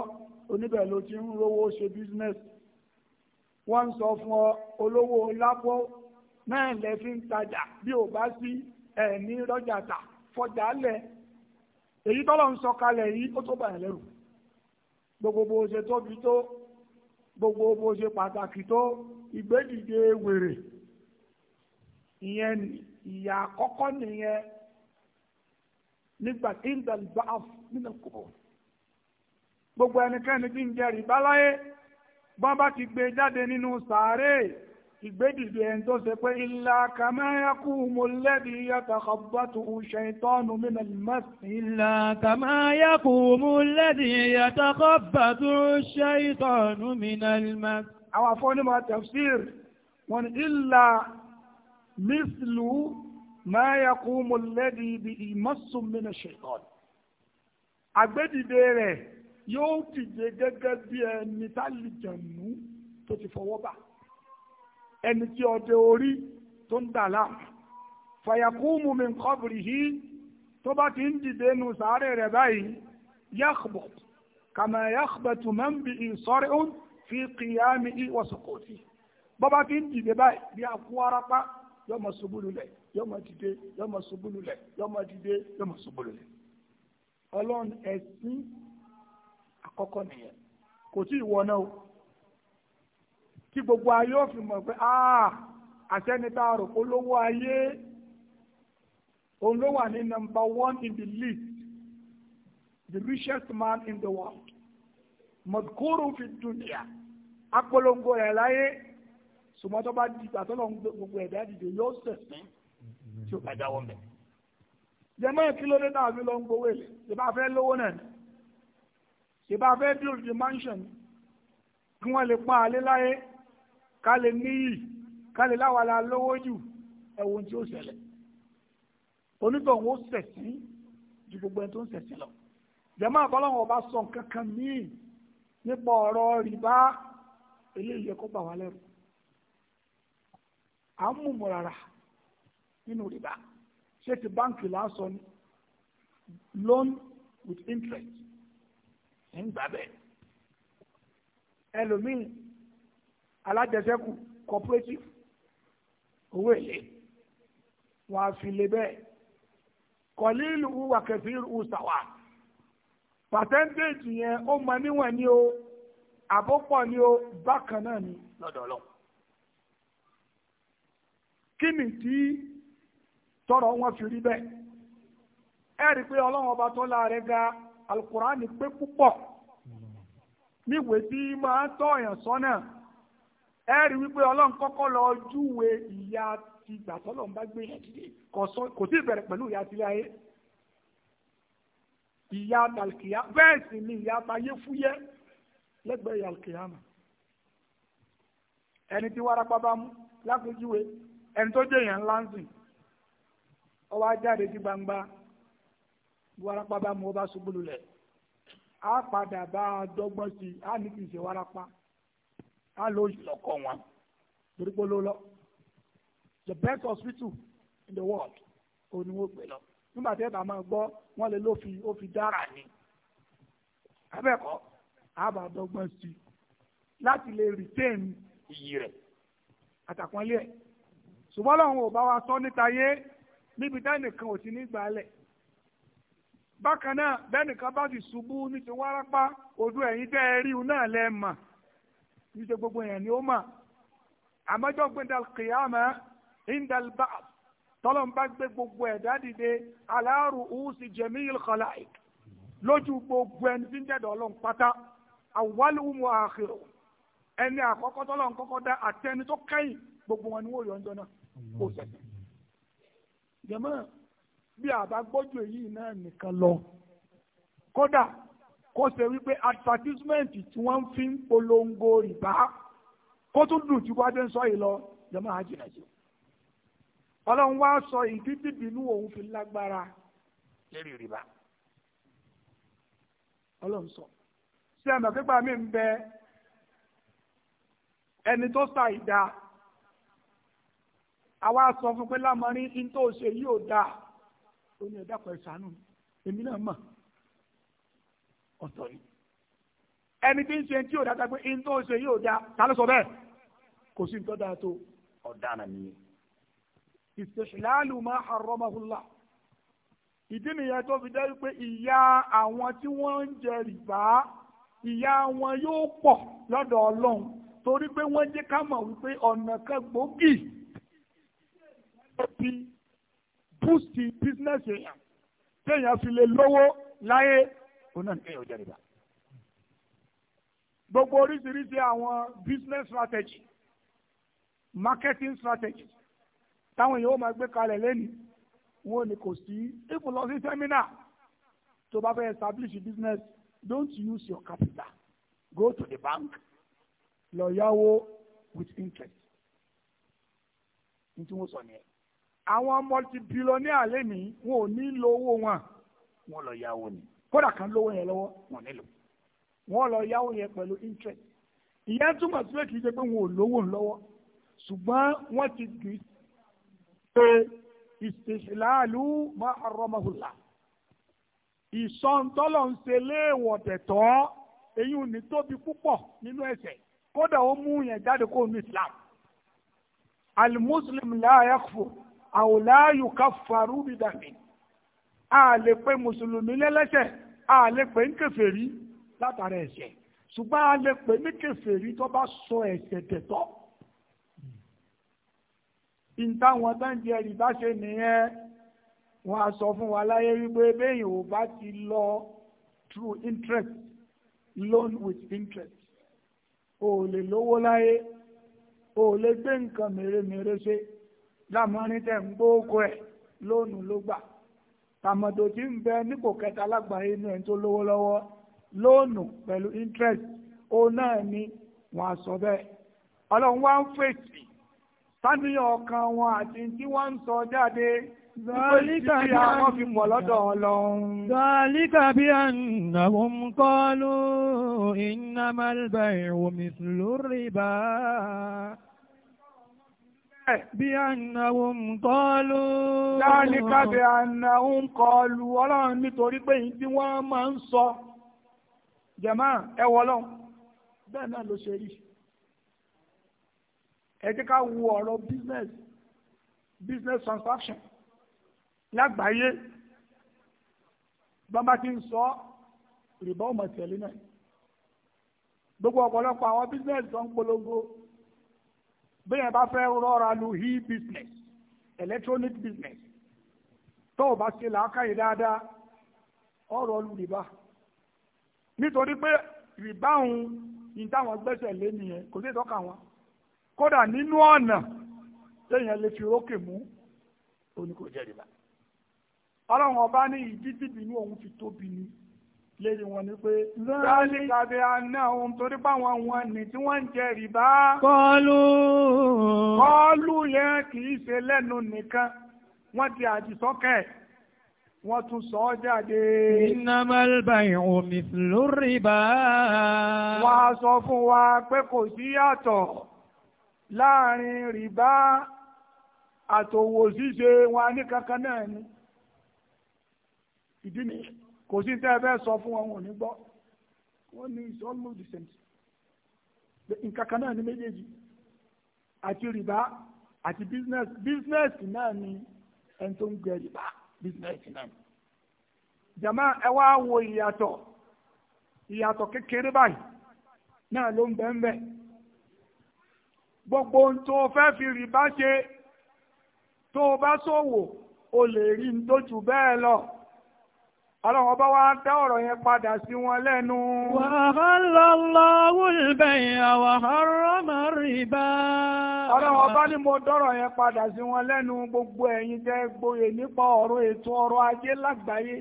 oníbẹ̀ ló ti ń rówó ṣe bísínẹ́sì wọ́n ń sọ fún ọ olówó lápò náà lẹ fi ń tajà bí ò bá sí ẹ̀ẹ́ní rọ́jà tà fọjà lẹ̀ èyí tọ́lọ́ ń sọ kalẹ̀ yìí ó tó báyà lẹ́rù gbogbo ṣe tó gbogbo bó ṣe igbe tó ìgbédìde wèrè ìyẹn ìyà àkọ́kọ́ nìyẹn nígbà tí ń dàlù bá nínú gbogbo ẹnikẹ́ni tí ń jẹ rìbá láyé bọ́n bá ti gbé jáde nínú sàárè ìgbédìde ẹni tó ṣe pé ilá kàmáyákú mọ̀lẹ́bí yàtàkọ̀bátù ṣẹ̀tọ́nù mínà lìmọ́sí. ilá kàmáyákú mọ̀lẹ́bí yàtàkọ̀bátù ṣẹ̀tọ́nù mínà lìmọ́sí. àwọn afọ́nímọ̀ tafsir wọn ilá mísìlú máyákú mọ̀lẹ́bí bí ìmọ̀sùn mínà ṣẹ̀tọ́nù. àgbédìde rẹ̀ yóò dìde gẹ́gẹ́ bí ẹni tálìjànú tó ti fọwọ́ bá ẹni tí ọdẹ orí tó ń dà láàmú fàyàkùmù min qabrihi tó bá ti ń dìde nu sàárẹ̀ rẹ̀ báyìí yàgbọ̀ kàmà yàgbọ̀ tó máa ń bi ìsọ̀rẹ̀ ó fi qiyami ìwọ̀sọ̀kọ̀tì bó bá ti ń dìde báyìí bí akú arapa yóò máa ṣubú lulẹ̀ yóò máa dìde yóò máa ṣubú lulẹ̀ yóò máa dìde yóò máa ṣubú lulẹ̀ ọlọ́run ẹ̀sìn àkọ́kọ́ nìyẹn kò tí ì wọ náà tí gbogbo ayé ò fi mọ̀ pé ah, àṣẹ́nita rò kó ayé òun ní number one in the list the richest man in the world mọ̀kúrú fi dunia apolongo rẹ̀ láyé sùmọ́ tó bá di ìgbà tó lọ ń gbé gbogbo ẹ̀dá dìde yóò sẹ̀sìn tí ó bá jáwọ́ mẹ́. jẹ́mọ́ ìkílódé náà fi lọ ń gbowó èlé ìbá fẹ́ lówó náà ni ìbá fẹ́ build the mansion kí wọ́n lè pa alé láyé ká lè níyì ká lè láwa la lówó jù ẹ̀wọ̀n tí ó ṣẹlẹ̀ onítọ̀hún ó ṣẹ̀sìn ju gbogbo ẹni tó ń ṣẹ̀sìn lọ jẹ́mọ́ àbọ́lọ́wọ́n ọba sọ nǹkan kan míì nípa ọ̀rọ̀ rìbá eléyìí yẹ kó bà wá lẹ́rù à ń mú mọ̀ràrà nínú rìbá ṣé ti báǹkì lásán ni loan with interest ń gbà bẹ́ẹ̀ ẹlòmíì alájẹsẹ́kù cooperative owó èlé wọn á fi lé bẹ́ẹ̀ kọ̀lílù wà kẹfì rú sàwà pàtẹ́ńtéèjì yẹn ó mọ níwọ̀n ni o àbópọ̀ ni o bákan náà ni lọ́dọọlọ́ kí ni tí tọrọ wọn fi rí bẹ́ẹ̀ ẹ rí i pé ọlọ́run ọba tó láàrẹ ga alukurani pé púpọ̀ níwèé tí máa tọ́ èèyàn sọ́nà ẹ rí wípé ọlọ́run kọ́kọ́ lọ júwe ìyá ti gbà tọ́lọ̀ ń bá gbé kò sí ìbẹ̀rẹ̀ pẹ̀lú ìyá tilé ayé ìyá àtàlùkìyà bẹ́ẹ̀ ni ìyá àtàyé fúyẹ́ lẹ́gbẹ̀ẹ́ ìyá àtàlùkìyà mà ẹni tí wárápá bá mú lápèjúwe ẹni tó jẹ́ èèyàn ńlá ń sìn ó wá jáde sí gbangba wárápá bá mú ó ṣubú lulẹ̀ á padà bá a dọ́gbọ́n sí i á ní kì í ṣe wárápá á lọ lọkọ wọn torí pé ló lọ the best hospital in the world òun ni wọ́n gbé lọ nígbà tí ẹ bá máa gbọ́ wọ́n lè ló fi ó fi dára ni abẹ́kọ̀ àbàdọ́gbọ́n sí i láti lè retain iyì rẹ̀ àtàkùnlé ẹ̀ ṣùgbọ́n lọ́hùn ò bá wa sọ níta yé níbi dánìkan ò ti ní gbàálẹ̀ bákan náà bẹ́nìkan bá ti ṣubú ní ti wárápá ojú ẹ̀yìn tẹ́ ẹ rí un náà lẹ́ẹ̀ mà kì í ṣe gbogbo yẹn ni ó mà àmọ́jọ́ gbẹ̀dàl kìyàmẹ́ indal ba'th tọ́lọ̀ ń bá gbé gbogbo ẹ̀dá dìde ala ru'usi jami'il khalaiq lójú gbogbo ẹni tí ń jẹ́dọ̀ ọlọ́run pátá awwaluhum wa akhiruhum ẹni àkọ́kọ́ tọ́lọ̀ ń kọ́kọ́ dá àtẹni tó kẹ́yìn gbogbo wọn ni wọ́n yọ ọjọ́ náà kó sẹ̀sẹ̀. jẹ̀mọ́ bí àbá gbọ́jú èyí náà nìkan lọ kódà kó ṣe wípé advertisement tí wọ́n fi ń polongo rìbá kó tún dùn tí wájú ń sọ yìí lọ jọmọ àjìnàjò ọlọ́run wá sọ ìdí bíbínú òun fi lágbára lérí rìbá ọlọ́run sọ sí àmọ́ pípa mi ń bẹ ẹni tó sa ìdá àwa sọ fún pé lámọrin ní tó ṣe yìí dáa ó ní ẹ̀dá pẹ̀lú èmi náà mọ̀ ọ̀tọ̀ ni ẹni tí ń ṣe tí yóò dáa pé in tó ṣe yóò dáa ta ló sọ bẹ́ẹ̀ kò sí nǹkan dáa tó ọ̀daràn nìyẹn ìṣèṣìláàlù máa harọ́mọ́húnlá ìdí nìyẹn tó fi dá wípé ìyá àwọn tí wọ́n ń jẹ rìbá ìyá wọn yóò pọ̀ lọ́dọ̀ ọlọ́run torí pé wọ́n jẹ́ ká mọ̀ wípé ọ̀nà kan gbòógì ti búùsì bísínẹ́sì èèyàn téèyàn fi lè lówó láyé òun náà ní kéèyàn jẹ rìbá. gbogbo oríṣiríṣi àwọn business strategy marketing strategy táwọn èèyàn ó máa gbé kalẹ̀ lẹ́nu wọn ni kò sí you lọ sí seminar tó bá fẹ́ establish business don't use your capital go to the bank lọ yáwó with interest ní tí wọ́n sọ nìyẹn àwọn multi-billionaire lẹ́mìí wọn ò ní lo owó wọn wọn lọ yáwó ni kódà kan lówó yẹn lọ́wọ́ wọn nílò wọn lọ yáwó yẹn pẹ̀lú interest ìyẹn túmọ̀ sí pé kì í ṣe pé wọn ò lówó lọ́wọ́ ṣùgbọ́n wọ́n ti gbìn pé ìṣèṣìláàlú máa àrọ́mọ́hùlà ìsọ̀ntọ́lọ̀ ń ṣe léèwọ̀ tẹ̀tọ́ ò ní tóbi púpọ̀ nínú ẹ̀ṣẹ̀ kódà ó mú yẹn jáde kó nu islam alimuslim láàyè fò àwòláyò ká farú bìdàmì a lè pe mùsùlùmí lẹ́lẹ́ṣẹ̀ a lè pe ní kèfèrí látara ẹ̀ṣẹ̀ ṣùgbọ́n a lè pe ní kèfèrí tó bá sọ ẹ̀ṣẹ̀ tẹ̀tọ́ ìtàwọn tó ń jẹ rìbá ṣe nìyẹn wọn a sọ fún wa láyé wípé bẹ́ẹ̀ ò bá ti lọ through interest loan with interest o lè lówó láyé o lè gbé nǹkan mèremère ṣe lámọ́rin tẹ̀ ń gbóòkó ẹ̀ lónìí ló gbà tàmọ̀dò tí ń bẹ nípò kẹta lágbàáyé inú ẹni tó lówó lọ́wọ́ lóònù pẹ̀lú interest òun náà ni wọ́n á sọ bẹ́ẹ̀ ọlọ́run wá ń fèsì sáníyàn ọkàn wọn àti tí wọ́n ń sọ jáde Zọ́líkà bí àwọn fi mọ̀ lọ́dọ̀ ọlọ́run. Zọ́líkà bí ànàwòm kọ́lù ìnàmàlbà ìròmìsì lórí bá. Bí ànàwò ń kọlu. Dáníká bí ànàwò ń kọlu ọlọ́run nítorí pé yìí tí wọ́n máa ń sọ. Jàmá ẹ wọlọ́run. Bẹ́ẹ̀ náà ló ṣe rí. Ẹ wo ọ̀rọ̀ business business transaction lágbàáyé. Bàbá ti ń sọ rìbá ọmọ tẹ̀lé náà. Gbogbo ọ̀pọ̀lọpọ̀ àwọn business tó ń polongo bẹ́ẹ̀ bá fẹ́ rọra lu he business electronic business tó o bá ṣe làákàyè dáadáa ọ̀rọ̀ lu rìbá nítorí pé rìbá òun ní táwọn gbẹ́sẹ̀ lé nìyẹn kò sí ìtọ́ka wọn kódà nínú ọ̀nà téèyàn lè fi rókè mú òní kò jẹ́ rìbá ọlọ́run ọba ní ìdí tìbínú òun fi tóbi ni lérí wọn ni pé ráàlìkà bí a náà ohun torí báwọn wọn ni tí wọ́n ń jẹ rìbá kọlù kọlù yẹn kìí ṣe lẹ́nu nìkan wọ́n ti àdìsọ́kẹ̀ wọ́n tún sọ ọ́ jáde. innamal bay'u mithlu rìbá. wọ́n á sọ fún wa pé kò sí yàtọ̀ láàrin rìbá àtòwò ṣíṣe wọn ní kankan náà ni ìdí nìyẹn kò sí tẹ́ ẹ fẹ́ sọ fún wọn wọn ní gbọ́ wọ́n ní it's almost the same nǹkan kan náà ní méjèèjì àti rìbá àti business business náà ni ẹni tó ń gbẹ rìbá business náà ni jama ẹ wá wo ìyàtọ̀ ìyàtọ̀ kékeré báyìí náà ló ń bẹ́ẹ̀ bẹ́ẹ̀ gbogbo ohun tó fẹ́ fi rìbá ṣe tó o bá ṣòwò o lè rí i dojú bẹ́ẹ̀ lọ. Ọlọ́run ọba wa dá ọ̀rọ̀ yẹn padà sí wọn lẹ́nu. Wàhálà ahalla Allahu al-bay'a wa harrama Ọlọ́run ọba ni mo dọ́rọ̀ yẹn padà sí wọn lẹ́nu gbogbo ẹ̀yin jẹ́ gboyè nípa ọ̀rọ̀ ètò ọrọ̀ ajé lágbàáyé.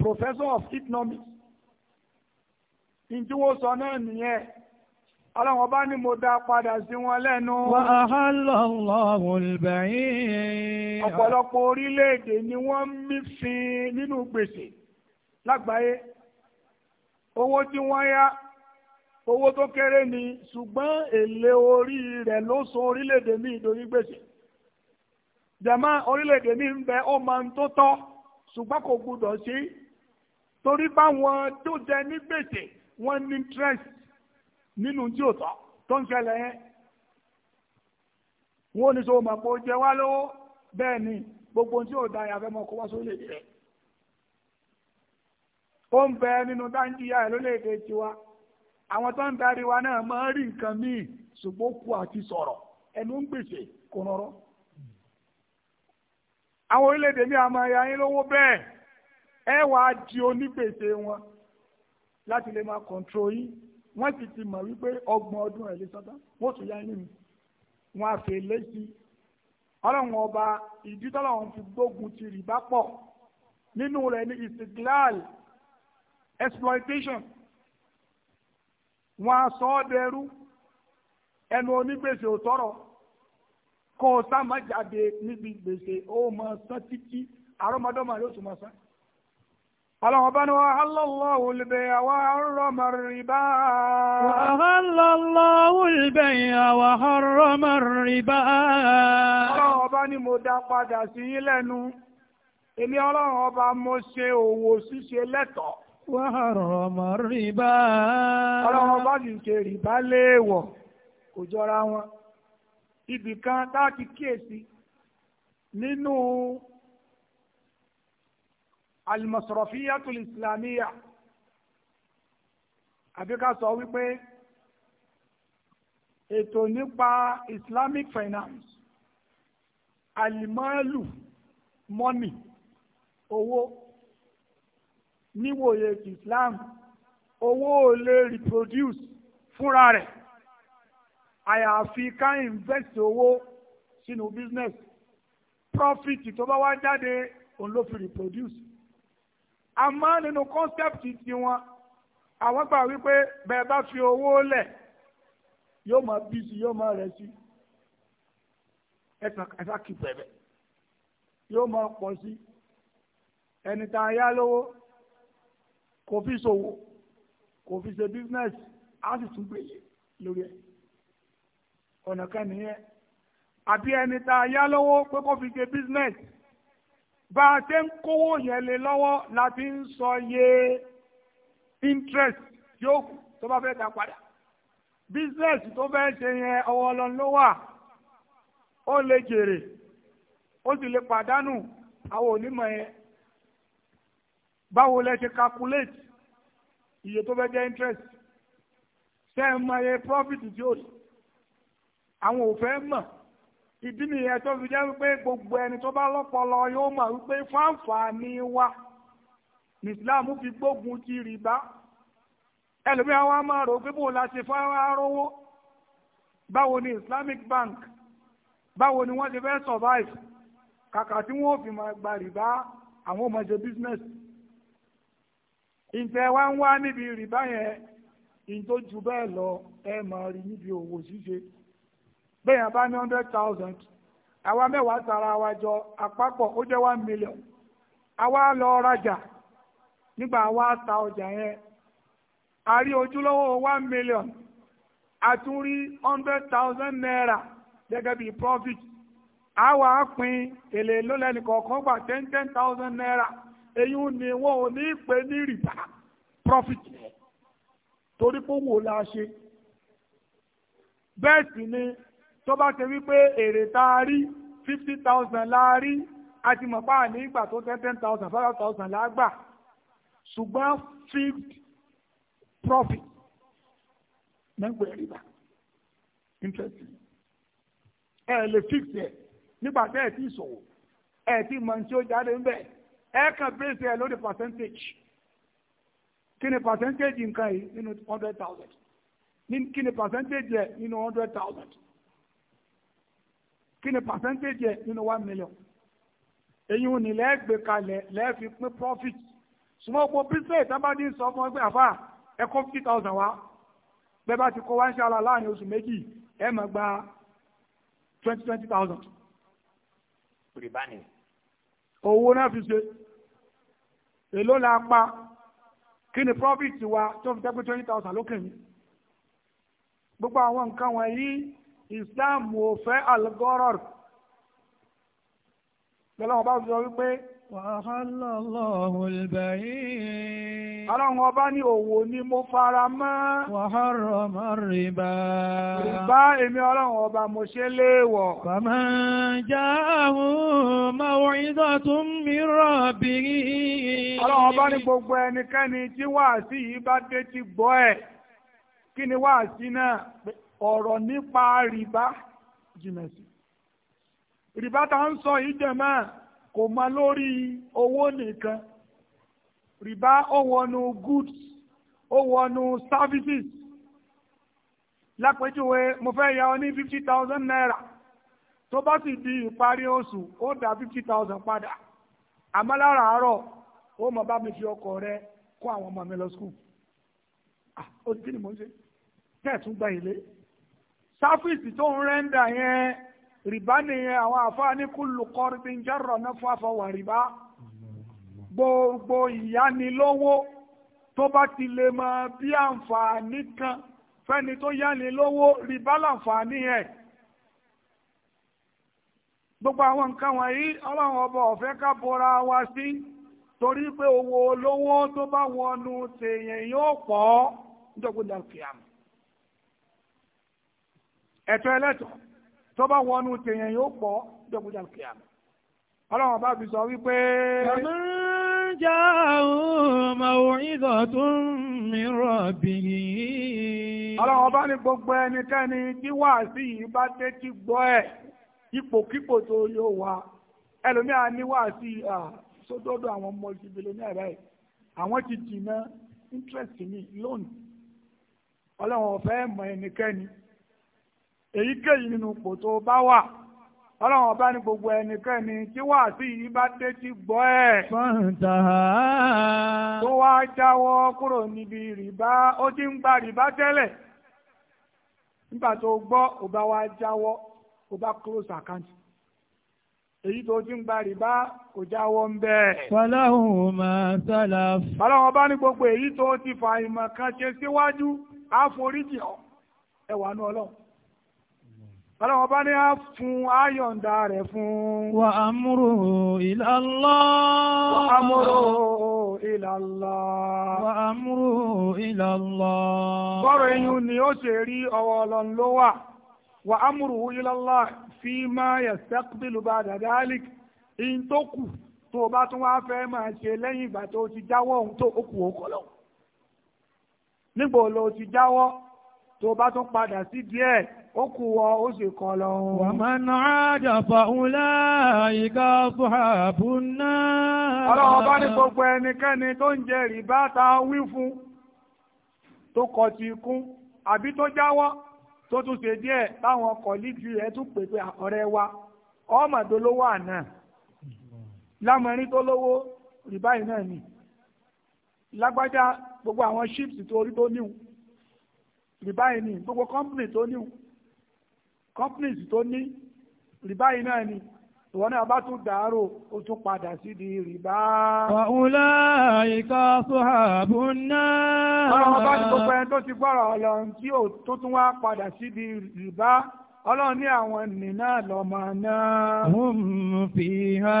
Professor of Economics. Ǹjẹ́ wọ́n sọ náà nìyẹn. Ọlọ́run bá ní mo dá padà sí wọn lẹ́nu. Wa ahalla Allahu al-ba'i'. Ọ̀pọ̀lọpọ̀ orílẹ̀-èdè ni wọ́n ń mí fin nínú gbèsè lágbàáyé. Owó tí wọ́n yá, owó tó kéré ni, ṣùgbọ́n èlé orí rẹ̀ ló sọ orílẹ̀-èdè míì dorí gbèsè. Jàmá orílẹ̀-èdè míì ń bẹ ó máa ń tó tọ́, ṣùgbọ́n kò gbúdọ̀ sí. Torí báwọn tó jẹ ní gbèsè, wọ́n ní interest nínú tí ò tọ́ tó ń ṣẹlẹ̀ yẹn wọn ní sọ ni gbogbo tí ò da ìyàfẹ́ mọ́ kó wá sórí èdè rẹ̀ ó ń bẹ nínú dáńjíyà ẹ̀ tiwa àwọn tó ń darí wa náà máa rí nǹkan míì ṣùgbọ́n kú àti sọ̀rọ̀ ẹnu ń gbèsè kò àwọn orílẹ̀-èdè ní àmọ́ ẹ̀yà yín lówó bẹ́ẹ̀ ẹ wàá di onígbèsè wọn láti lè máa kọ̀ǹtró wọ́n sì ti mọ̀ wípé ọgbọ̀n ọdún ẹ̀ lè sọ́tà wọ́n tún yá inú mi wọ́n á fè léṣi ọlọ́run ọba ìdí tọ́lọ́run ti gbógun ti rìbá pọ̀ nínú rẹ̀ ní istiglal exploitation wọ́n á sọ ọ́ dẹrú ẹnu onígbèsè ò tọrọ kó o sá má jáde níbi gbèsè ó mọ sán títí àrọ́mọdọ́mọ yóò tún mọ sán. ọlọ́run bá ní wọ́n hálọ́lọ́wò lùbẹ̀ àwọn arọ́mọ̀rìbá hálọ́lọ́wò lùbẹ̀ mo dá padà sí lẹ́nu èmi ọlọ́run ọba mo ṣe òwò ṣíṣe lẹ́tọ̀ wọ́n ọlọ́run bá al-masrafiyatul islamiyya àbí ká sọ wípé ètò nípa islamic finance alimalu money owó níwòye islam owó ò lè reproduce fúnra rẹ̀ àyàfi ká invest owó sínú business profit tó bá wá jáde òun ló fi reproduce àmọ́ nínú kọ́nsẹ́pìtì tiwọn àwọn gbà wípé bẹ́ẹ̀ bá fi owó lẹ̀ yóò máa bí sí yóò máa rẹ̀ sí ẹ̀sà kì bẹ̀rẹ̀ yóò máa pọ̀ sí ẹni tá a yá lówó kò fi ṣòwò kò fi ṣe bísínẹ́sì á sì tún gbèyè lórí ẹ̀ ọ̀nà kan nìyẹn àbí ẹni tá a yá lówó pé kó fi ṣe bísínẹ́sì bá a ṣe ń kówó yẹn lé lọ́wọ́ la fi ń sọ iye interest yóò kù tó bá fẹ́ dá padà business tó fẹ́ ṣe yẹn ọwọ́ ọlọ́run ló wà ó lè jèrè ó sì lè pàdánù àwọn onímọ̀ yẹn báwo lẹ ṣe calculate iye tó fẹ́ jẹ́ interest ṣe é mọ iye profit tí ó àwọn ò fẹ́ mọ̀ ìdí nìyẹn tó fi jẹ́ wípé gbogbo ẹni tó bá lọ́pọlọ yóò mọ̀ wípé fáǹfààní wa ní Islam fi gbógun ti rìbá ẹlòmíà wa máa rò pé bó la ṣe fáwọn arówó báwo ni Islamic Bank báwo ni wọ́n ti fẹ́ survive kàkà tí wọ́n fi máa gba rìbá àwọn ọmọ ṣe business ìfẹ́ wa ń wá níbi rìbá yẹn ìjọ jù bẹ́ẹ̀ lọ ẹ máa rí níbi òwò ṣíṣe. bẹ́ẹ̀ bá ní hundred thousand àwa mẹ́wàá tara wa jọ àpapọ̀ ó jẹ́ one million àwa lọ rajà nígbà ta ọjà yẹn a rí ojúlówó one million a tún rí hundred naira gẹ́gẹ́ bí profit àwa pín èlé lólẹ́nìkọ̀ọ̀kan gba ten ten naira èyí ni wọn ò ní pè ní rìbá profit yẹn torí pé wò la ṣe bẹ́ẹ̀ ni tó bá ṣe wípé èrè tá a rí fifty thousand la rí a ti mọ̀ pa àní ìgbà tó tẹ́ ten thousand five thousand la gbà ṣùgbọ́n fixed profit mẹ́gbẹ́ rìbá interest ẹ lè fix ẹ nígbà tẹ́ ẹ ti sọ̀wọ́ ẹ ti mọ̀ tí ó jáde ń bẹ̀ ẹ kàn bẹ́sẹ̀ ẹ lórí percentage kí ni percentage nǹkan yìí nínú hundred thousand kí ni percentage ẹ nínú hundred thousand kí ni percentage ẹ̀ nínú one million èyí ò ní lẹ́ẹ̀gbẹ́ kalẹ̀ lẹ́ẹ̀fi pín profit ṣùgbọ́n gbogbo business tá bá ní sọ fún ẹgbẹ́ àfà ẹ kó fifty thousand wá bẹ́ẹ̀ bá ti kó wá ń láàrin oṣù méjì ẹ máa gba twenty twenty thousand. rìbá ni. owó náà fi ṣe èló la pa kí ni profit wa tó fi dẹ́gbẹ́ twenty thousand lókè mi gbogbo àwọn nǹkan wọ̀nyí islam ò fẹ́ algoror lọ́lọ́run ọba sọ wípé. wàhálà lọ́hùn ìbẹ̀yìn. ọlọ́run ọba ní òwò ni mo fara mọ́. wàhálà mọ́ rìbá. rìbá èmi ọlọ́run ọba mo ṣe léèwọ̀. bàmá já àwọn máwọ ìdọ̀ tó ń mìíràn bìrì. ọlọ́run ọba ní gbogbo ẹnikẹ́ni tí wàásì yìí bá dé ti gbọ́ ẹ̀ kí ni wàásì náà ọ̀rọ̀ nípa rìbá jìnnà sí rìbá tá ń sọ yìí jẹ̀mọ́ kò mọ lórí owó nìkan rìbá ó wọnú goods ó wọnú services lápèjúwe mo fẹ́ yá ọ ní fifty thousand naira tó bá sì di ìparí oṣù ó dá fifty thousand padà àmọ́ láràárọ̀ ó mọ̀ bá mi fi ọkọ̀ rẹ kó àwọn ọmọ mi lọ skul ah, ó ti kí ni mò ń ṣe tẹ́ẹ̀ tún gba sáfíìsì tó ń rẹ́ńdà yẹn rìbá nìyẹn àwọn àfa ní kúlù kọ́rìbí ń jẹ́rọ̀ náà fún àfọwọ́ rìbá gbogbo ìyánilówó tó bá ti lè mọ bí àǹfààní kan fẹ́ni tó yánilówó rìbá làǹfààní yẹn gbogbo àwọn nǹkan wọ̀nyí ọlọ́run ọba ọ̀fẹ́ ká bora wa sí torí pé owó olówó tó bá wọnú tèèyàn yóò pọ̀ nítorí pé dàkìyàmù ẹ̀tọ́ ẹlẹ́tọ̀ tó bá wọnú tèèyàn yóò pọ̀ dọ́gbọ́dà kìámà ọlọ́run bá fi sọ wípé. àmọ́ já òun màwòrán tún mi rọ̀bì. ọlọ́run bá ní gbogbo ẹnikẹ́ni tí wàásì yìí bá tẹ́tí gbọ́ ẹ̀ ipòkípò tó yóò wá ẹlòmíà ní wàásì sódòdó àwọn ọmọ ìsìnbílẹ̀ ní ẹ̀rẹ́ àwọn ti jìnnà interest mi lónìí ọlọ́run ọ̀fẹ́ mọ ẹnikẹ́ni èyíkéyìí nínú ipò tó bá wà ọlọ́run ọba ní gbogbo ẹnikẹ́ni tí wà sí yìí bá tẹ́tí gbọ́ ẹ̀. fọ́ńtà. tó wá jáwọ́ kúrò níbi rìbá ó ti ń gba rìbá tẹ́lẹ̀ nígbà tó gbọ́ ó bá wá jáwọ́ ó bá close account èyí tó ti ń gba rìbá kò jáwọ́ ń bẹ́ẹ̀. fọláhùn máa sálà. ọlọ́run ọba ní gbogbo èyí tó ti fa ìmọ̀ kan ṣe síwájú àforíjì ẹ̀wà náà ọlọ́run. ọlọ́wọ́ bá ní á fún ayọ̀ǹda rẹ̀ fún. wà á ila Allah. ila Allah. ila bọ́rọ̀ ni ó ṣe rí ọwọ́ ọlọ́run ló wà wà ila Allah fi máa yastaqbilu ba'da dhalik in tó kù tó bá tún wá fẹ́ máa ṣe lẹ́yìn ìgbà ti ohun tó kù ó kú wọ ó sì kọ lọ. wà á máa ná àjàfà ńlá ìka fàbù náà. ọlọ́wọ́ bá ní gbogbo ẹnikẹ́ni tó ń jẹ rìbá wí fún tó kọ ti kún àbí tó jáwọ́ tó tún ṣe díẹ̀ táwọn tún wa lówó àná lámọrin tó lówó rìbá yìí ni lágbájá gbogbo àwọn tó orí tó rìbá yìí ni gbogbo tó companies tó ní rìbá yìí náà ni ìwọ náà bá tún dàárò ó tún padà sí di rìbá. wàhùlà ìka sọ́hàbù náà. ọlọ́run bá ní gbogbo ẹni tó ti gbọ́rọ̀ ọlọ́run tí ó tún wá padà sí di rìbá ọlọ́run ní àwọn nìyẹn náà lọ́mọ náà fìhà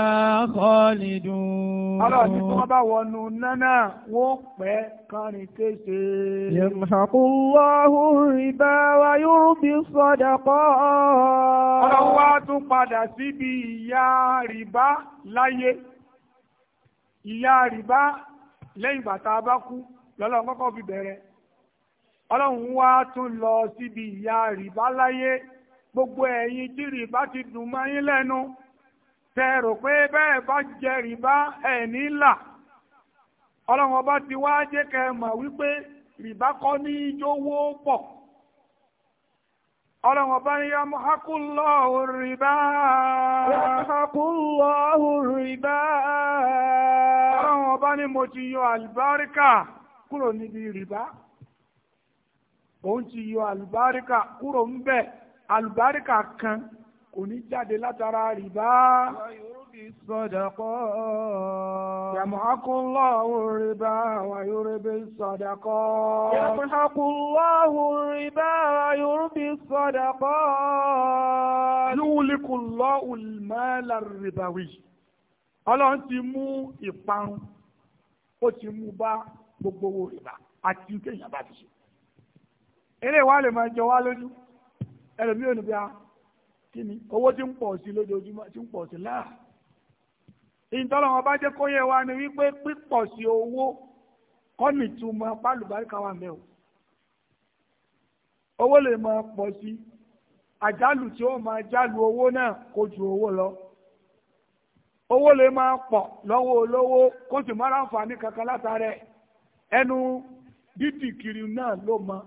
khalidun. ọlọ́ọ̀ni tí wọ́n bá wọnú nánà wọ́n pẹ́ kárin kéṣe. yamhaqullahu rìbá wa yurbi sadaqat. ọlọ́run wá tún padà síbi ìyá rìbá láyé ìyá rìbá lẹ́yìn ìgbà tá a bá kú lọ́lọ́run kọ́kọ́ fi bẹ̀rẹ̀ ọlọ́run wá tún lọ síbi ìyá rìbá láyé gbogbo ẹ̀yin tí rìbá ti dùn mọ́ yín lẹ́nu tẹ pé bẹ́ẹ̀ bá jẹ ẹ̀ nílà ọlọ́run ọba ti wá jẹ́ kẹ́ mọ̀ wípé rìbá kọ́ ní jówó pọ̀ ọlọ́run ọba ní yàmú hakullahu rìbá hakullahu rìbá ọlọ́run ọba ní mo ti yọ àlùbáríkà kúrò níbi rìbá òun ti yọ àlùbáríkà kúrò ń bẹ̀ kan. kò jáde látara rìbá. Yàmùhákúnláhù rìbá wà yúrùbí sọ̀dàkọ́. Yàmùhákúnláhù rìbá wà yúrùbí sọ̀dàkọ́. Ọlọ́run ti mú ìparun, ó ti mú bá gbogbo owó rìbá àti bá ti ṣe. Eré lè máa jọ wá lójú, ẹlòmí ò ní bí a. kí owó ti ń pọ̀ sí lójoojúmọ́ ti ń pọ̀ sí láà ìtọ́lọ́wọ́n bá jẹ́ kó yẹ wa ni wípé pípọ̀ sí owó kọ́ nìtumọ̀ pálùbáríkà wà mẹ́wò owó lè máa pọ̀ sí àjálù tí ó máa jálù owó náà kó owó lọ owó lè máa pọ̀ lọ́wọ́ olówó kó sì má ẹnu dídì kiri náà ló mọ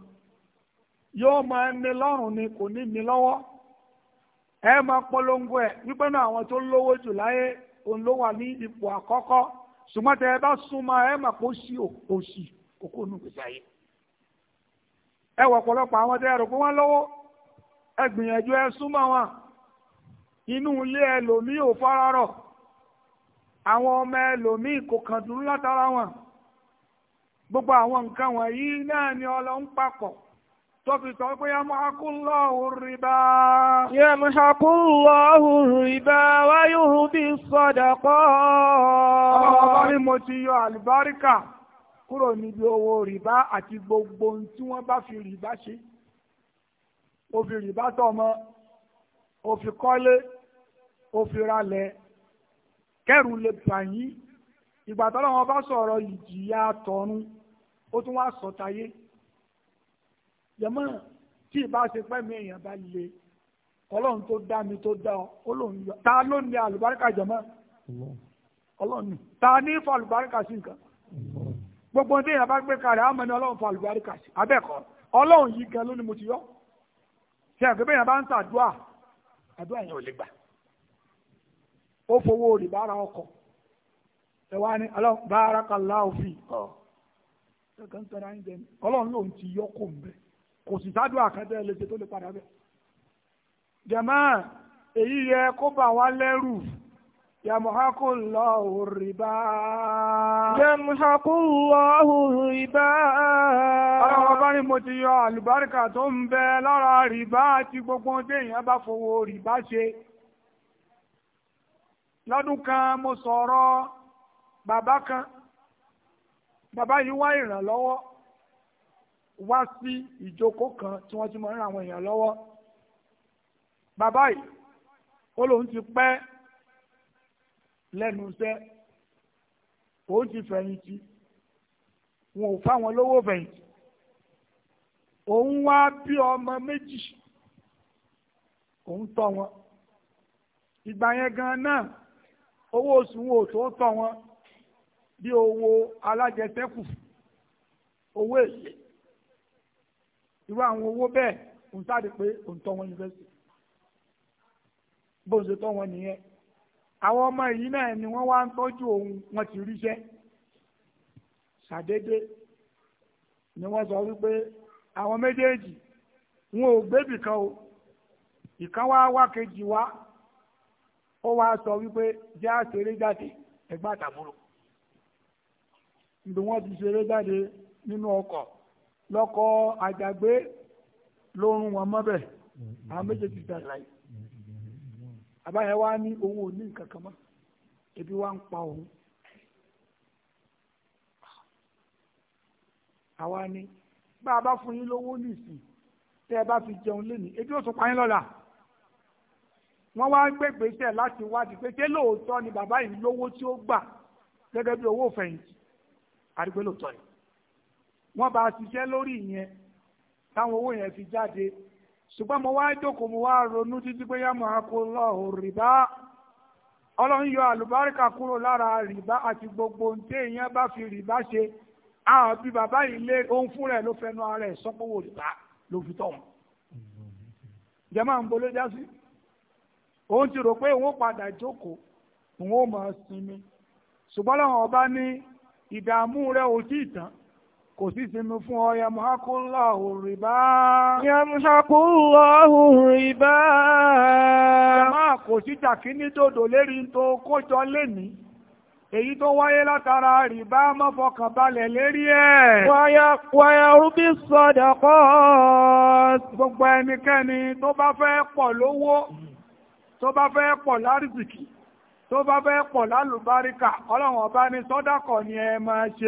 yóò máa ní lọ́rùn kò ní ní ẹ máa polongo ẹ wípé náà àwọn tó lówó jù láyé òun ló wà ní ipò àkọ́kọ́ ṣùgbọ́n tẹ ẹ bá súnmọ́ ẹ máa kó sí òsì òkú nù gbèsè ayé. ẹ wọ ọ̀pọ̀lọpọ̀ àwọn tẹ ẹ rò pé wọ́n lówó ẹ gbìyànjú ẹ súnmọ́ wọn inú ilé ò àwọn ọmọ gbogbo àwọn nǹkan wọ̀nyí náà ni ọlọ́ Tọ́fi sọ pé yá mọ́hákúnlọ́hù rìbá. Yá mọ́hákúnlọ́hù rìbá wá yóò bí sọ́dọ̀kọ́. Ọba ní mo ti yọ àlùbáríkà kúrò níbi owó rìbá àti gbogbo tí wọ́n bá fi rìbá ṣe. O fi rìbá tọ́mọ, o fi kọ́lé, o fi ralẹ̀. Kẹ́rù lè bà Ìgbà tọ́lọ́wọ́n bá sọ̀rọ̀ ìjìyà tọ̀run, ó tún wá sọ̀tayé. So yẹmọ tí ìbá ṣe pẹ́ mi èèyàn bá le ọlọ́run tó dá mi tó dá ọ ọlọ́run yọ ta ló ní àlùbáríkà jẹmọ ọlọ́run ta ní fa àlùbáríkà sí nǹkan gbogbo ní èèyàn bá gbé kalẹ̀ àmọ́ ní ọlọ́run fa àlùbáríkà sí abẹ́ẹ̀kọ́ ọlọ́run yìí gan ló ni mo ti yọ ṣe àgbẹ̀ bẹ́ẹ̀ yẹn bá ń sàdúà àdúà yẹn ò lè gbà ó fowó rìbá ara ọkọ̀ ẹ wá ní ọlọ́run bá ara kan ọ̀ ọlọ́run lòun ti yọ kò ń bẹ́ẹ̀ kò sì sádùn àkàndẹ́ lè ṣe tó lè padà bẹ́ẹ̀. jẹ̀mọ́ èyí yẹ kó bà wá lẹ́rù yàmùhákùnláhù rìbá. yàmùhákùnláhù rìbá. ọlọ́wọ́ bá ní mo ti yọ àlùbáríkà tó ń bẹ lára rìbá àti gbogbo déèyàn bá fowó rìbá ṣe. lọ́dún kan mo sọ̀rọ̀ bàbá kan bàbá yìí wá ìrànlọ́wọ́ wá sí ìjókòó kan tí wọ́n ti máa ń ran àwọn èèyàn lọ́wọ́ bàbá yìí ó lóun ti pẹ́ lẹ́nu iṣẹ́ òun ti fẹ̀yìntì wọn ò fáwọn lówó fẹ̀yìntì òun wá bí ọmọ méjì òun tọ́ wọn ìgbà yẹn gan náà owó oṣù wọn tó tọ́ wọn bí owó alájẹsẹ́kù owó èlé irú àwọn owó bẹ́ẹ̀ òun sáde pé òun tọ́ wọn yunifásitì bó ṣe tọ́ wọn nìyẹn àwọn ọmọ yìí náà ni wọ́n wá ń tọ́jú òun wọn ti ríṣẹ́ ṣàdédé ni wọ́n sọ wípé àwọn méjèèjì wọn ò gbébì kan o ìkan wá wá kejì wá ó wá sọ wípé jẹ́ àṣeré jáde ẹgbẹ́ àtàbúrò níbi wọ́n ti ṣeré jáde nínú ọkọ̀ lọ́kọ àjàgbé lórun wọn mọ́bẹ̀ mm-hmm. àwọn méjèèjì mm-hmm. dà láì àbáyẹ wa ní òun ò ní nǹkan kan mọ́ ebi wa ń pa òun àwa ni bá a bá fún yín lówó nìsín tẹ́ ẹ bá fi jẹun lénìí ebi ó tún pa yín lọ́la wọ́n wá ń gbé gbèsè láti wádìí pé ṣé lóòótọ́ ni bàbá yìí lówó tí ó gbà gẹ́gẹ́ bí owó fẹ̀yìntì àdìgbélòtọ́ yìí wọ́n bá ṣiṣẹ́ lórí ìyẹn táwọn owó yẹn fi jáde ṣùgbọ́n mo wá jókòó mo wá ronú títí pé yá máa kó lọ́ọ̀ rìbá ọlọ́run yọ àlùbáríkà kúrò lára rìbá àti gbogbo ohun tí bá fi rìbá ṣe àwọn bíi bàbá yìí lé ohun fún rẹ̀ ló fẹnu ara ẹ̀ sọ́pọ̀wò rìbá ló fi tọ̀ wọ́n. jẹ́mọ́ à ń bolo já sí òun ti rò pé òun padà jókòó òun ó máa sinmi ṣùgbọ́n làwọn ọba ní ìdààmú rẹ̀ ò tí ì tán kò sí sinmi fún ọ yamhaqullahu rìbá. yamhaqullahu rìbá. jàmáà kò sí jàkíní dòdò lérí tó kójọ lénìí èyí tó wáyé látara rìbá má fọkàn balẹ̀ lérí ẹ̀. wáyà rúbí sadaqat. gbogbo ẹnikẹ́ni tó bá fẹ́ pọ̀ lówó tó bá fẹ́ pọ̀ lárísìkì tó bá fẹ́ pọ̀ lálùbáríkà ọlọ́run ọba ní sọ́dọ̀kọ̀ ni ẹ máa ṣe.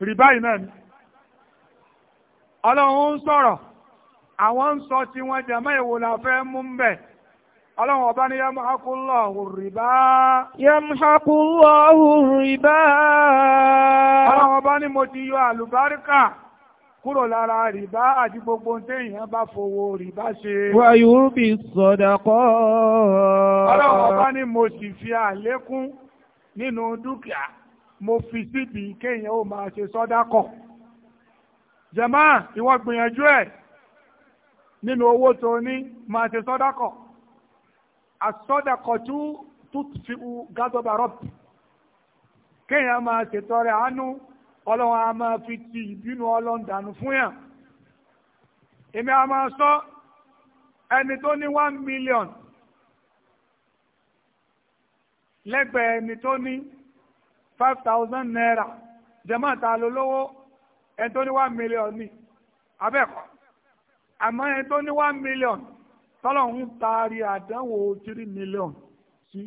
rìbá yìí náà ni ọlọ́run ń sọ̀rọ̀ àwọn ń sọ tí wọ́n jẹ́ mẹ́wò la fẹ́ mú ń bẹ̀ ọlọ́run ọba ní yamhaqullahu rìbá. yamhaqullahu rìbá. ọlọ́run ọba ní mo ti yọ àlùbáríkà kúrò lára rìbá àti gbogbo téèyàn bá fowó rìbá ṣe. wa yurbi sadaqa. ọlọ́run ọba ní mo sì fi àlékún nínú dúkìá mo fi síbi kéèyàn ó máa ṣe sọ́dá kọ̀ jẹ̀má ìwọ gbìyànjú ẹ̀ nínú owó tó ní máa ṣe sọ́dá kọ̀ àsọ́dá kọ̀ tú tutfi gádọ́bà rọ́bì kéèyàn máa ṣètọrẹ àánú ọlọ́run a máa fi ti ìbínú ọlọ́run dànù fún yàn èmi a máa sọ ẹni tó ní one million lẹ́gbẹ̀ẹ́ ẹni tó ní five thousand naira jẹ̀mọ́ ta ló lówó ẹni tó ní one million ni abẹ́ẹ̀kọ́ àmọ́ ẹni tó ní one million tọ́lọ̀ ń taari àdánwò three million sí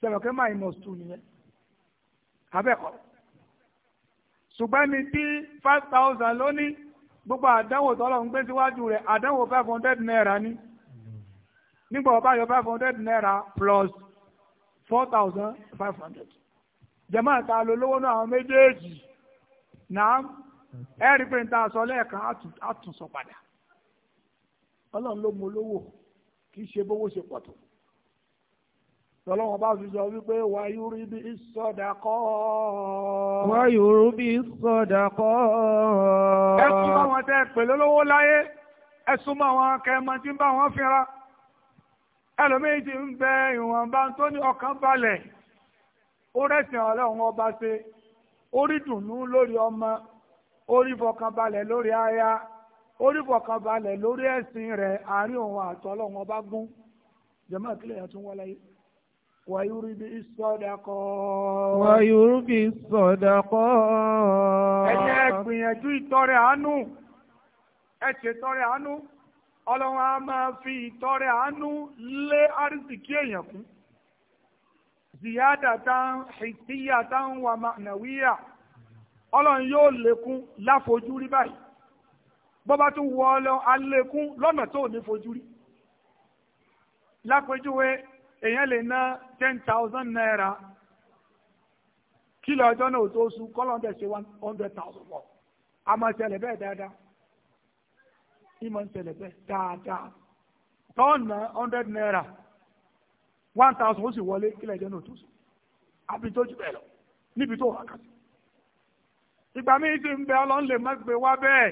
sẹ̀rọ̀kẹ́ minus two nìyẹn abẹ́ẹ̀kọ́ ṣùgbọ́n ní tí five thousand ló ní gbogbo àdánwò tọ́lọ̀ ń gbé síwájú rẹ̀ àdánwò five hundred naira ni nígbà ọba yọ five hundred naira plus four thousand five hundred jẹ̀mọ́ àta lo lówó náà àwọn méjèèjì náà ẹ rí pé n ta sọ lẹ́ẹ̀kan padà ọlọ́run ló mú olówó kì ṣe bówó ṣe pọ̀ tó bá fi sọ wípé bí bí sọ́dàkọ́. ẹ sún bá wọn tẹ pẹ̀lú láyé ẹ sún bá wọn kẹmọ ọkàn balẹ̀. ó rẹ́sìn ọlọ́run ọba ṣe orí dùnú lórí ọmọ orí lórí aya orí rí lórí ẹ̀sìn rẹ̀ àárín òun àtọ́lọ́run ọba gún jẹ́mọ́ ìkílẹ̀ yẹn tún wọlé yìí. ويربي الصدقات ويربي الصدقات ẹ jẹ́ gbìyànjú ìtọrẹ àánú ẹ ṣe àánú ọlọ́run máa fi ziyadatan hissiyatan wa ma'nawiya ọlọ́run yóò lékún láfojúrí báyìí bọ́bá tún wọ ọlọ́run alékún lọ́nà tó ní fojúrí lápèjúwe èèyàn lè ná ten thousand naira kílò ọjọ́ náà tó su kọ́lọ́n tẹ̀ ṣe one hundred thousand wọ̀ a máa ṣẹlẹ̀ bẹ́ẹ̀ dáadáa ìmọ̀ ń ṣẹlẹ̀ bẹ́ẹ̀ dáadáa tọ́ọ̀nù hundred naira one thousand ó sì wọlé kílẹ̀ jẹ́ náà tó sùn àbí tó jù bẹ́ẹ̀ lọ níbi tó wà kàtí. ìgbà míì sì ń bẹ ọlọ́run lè má gbé wá bẹ́ẹ̀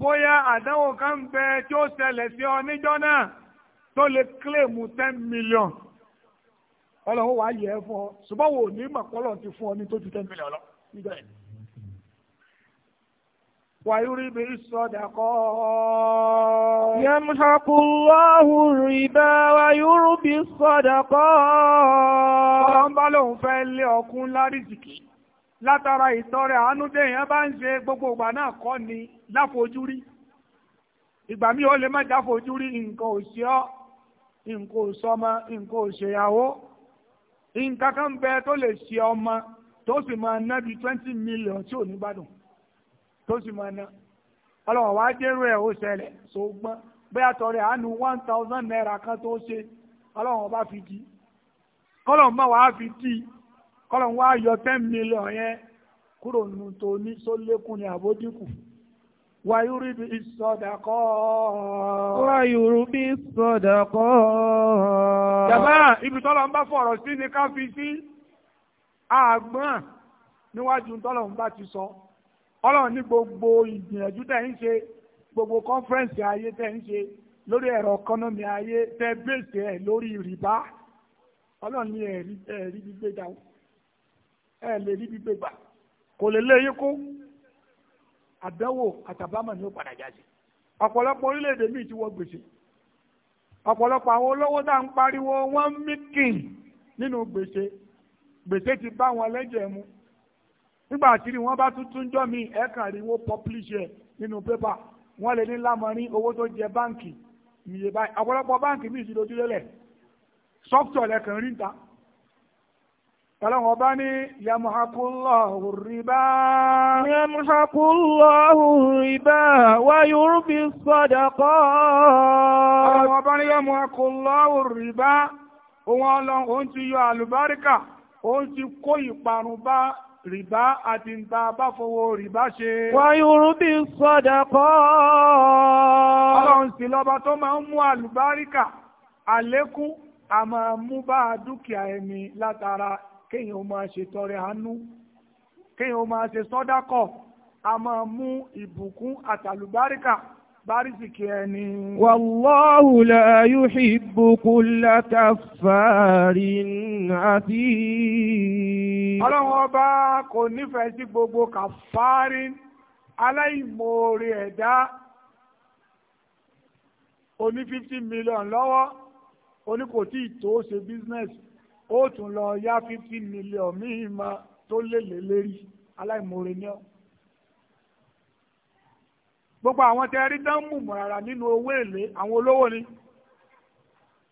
bóyá àdánwò kan ń bẹ tí ó ṣẹlẹ̀ sí ọ níjọ́ náà tó lè kílèmù ten million ọlọ́run wàá yẹ ẹ fún ọ ṣùgbọ́n wo ní mọ̀kọ́lọ́ ti fún ọ ní tó ju ten million lọ níjọ́ yẹn. ويربي الصدقات يمحق الله الربا ويربي الصدقات ọlọ́run bá lóun fẹ́ lé ọkùn lárísìkì látara ìtọrẹ àánú déèyàn bá ń ṣe gbogbo ìgbà náà kọ́ ni láfojúrí ìgbà míì ó lè má jáfojúrí nǹkan ò nko ọ́ nǹkan bẹ tó lè ṣe ọmọ tó sì máa twenty million tí ò ní gbádùn tó sì máa ná ọlọ́wọ́ wá dérú ẹ̀ ó ṣẹlẹ̀ ṣùgbọ́n bóyá tọrẹ àánú one thousand naira kan tó ṣe ọlọ́wọ́ bá fi di kọ́lọ̀ mọ́ wàá fi di kọ́lọ̀ wá yọ ten million yẹn kúrò nù tó ní sólékùn ní àbójúkù. ويرد الصدقات ويرد الصدقات jàmáà ibi tọ́lọ̀ ń bá fọ̀rọ̀ sí ni ká fi sí àgbọ̀n níwájú tọ́lọ̀ ń bá ti sọ. So. ọlọ́run ní gbogbo ìgbìyànjú tẹ̀ ń gbogbo kọ́nfẹ́rẹ́nsì ayé tẹ̀ ń ṣe lórí ẹ̀rọ kọ́nọ́mì ayé tẹ́ bèsè ẹ̀ lórí rìbá ọlọ́run ní ẹ̀rí ẹ̀rí gbígbé dà ẹ̀ lè rí gbígbé gbà kò lè kú àtàbámọ̀ ni ó padà jáde ọ̀pọ̀lọpọ̀ orílẹ̀-èdè míì ti wọ gbèsè ọ̀pọ̀lọpọ̀ àwọn olówó tá à ń pariwo wọ́n mu nígbà tí wọn bá tuntun jọ mi ẹ kàn rí wọn publish ẹ nínú pépà wọn lè ní lámọrin owó tó jẹ báǹkì nìyẹn báyìí ọ̀pọ̀lọpọ̀ báǹkì mi ìṣòro dúró sọ́kítọ̀ lẹ́kàn rí ta Ọlọ́run ní Yamuhakullahu rìbá. Yamuhakullahu rìbá wa yurbi sadaqa. Ọlọ́run ọba ní Yamuhakullahu rìbá. Òun ọlọ́run, òun ti yọ àlùbáríkà, òun ti kó ìparun bá rìbá àti ń ta bá fowó rìbá ṣe. wáyúrú bí sọ́dà kọ́. ọlọ́run sì lọ́ba tó máa ń mú àlùbáríkà àlékún àmọ́ mú bá dúkìá ẹni látara kéèyàn máa ṣe tọrẹ àánú kéèyàn máa ṣe sọ́dà kọ́ àmọ́ mú ìbùkún àtàlùbáríkà bárísìkì ẹni. Wàláhù la yuhibbu kulla kàfàárín àti. Ọlọ́run ọba kò nífẹ̀ẹ́ sí gbogbo kàfàárín aláìmoore ẹ̀dá oní fifty million lọ́wọ́ oní kò tí ì tó ṣe business ó tún lọ yá fifty million míì ma tó lélẹ̀ lérí aláìmoore ní ọ́. gbogbo àwọn tẹ́ rí dánmù nínú owó èlé àwọn olówó ni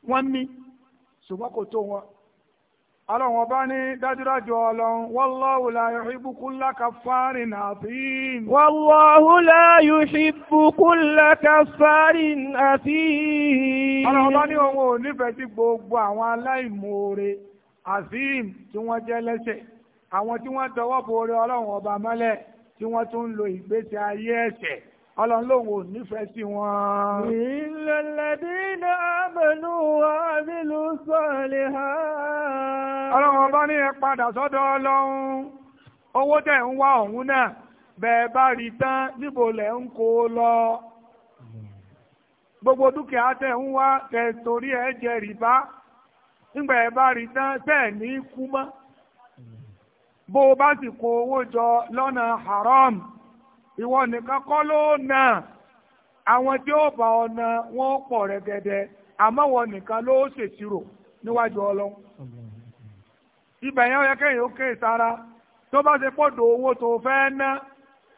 wọ́n ní ṣùgbọ́n kò tó wọn. Ọlọ́run ní dájúdájú ọlọ́run, wallahu la yuhibbu kulla kaffarin athim. Wallahu la yuhibbu kulla kaffarin athim. Ọlọ́run ní òun ò nífẹ̀ẹ́ sí gbogbo àwọn aláìmoore Azeem, tí wọ́n jẹ́ lẹ́sẹ̀. Àwọn tí wọ́n tọwọ́ bo orí ọlọ́run ọba mọ́lẹ̀ lo ayé ọlọ́run lòun ò nífẹ̀ẹ́ sí wọn. ìlẹ̀lẹ̀dínà àmẹ́nu àmìlú sọ̀lẹ̀ ha. ọlọ́run ọba ní ẹ padà sọ́dọ̀ ọlọ́run owó tẹ̀ ń wá ọ̀hún náà bẹ́ẹ̀ bá rí tán níbo lẹ̀ ń kó lọ. gbogbo dúkìá tẹ̀ ń wá tẹ̀ torí ẹ̀ jẹ rìbá nígbà ẹ̀ bá rí tán tẹ̀ ní kú mọ́. bó o bá sì kó owó jọ lọ́nà haram. ìwọ nìkan kọ́ ló àwọn tí ó bá ọ nà wọ́n pọ̀ rẹ́gẹ́dẹ́ àmọ́ wọn nìkan ló ṣèṣirò níwájú ọlọ́run ibẹ̀ yẹn yẹ kéèyàn ó sára tó bá ṣe pọ̀dọ̀ owó tó fẹ́ ná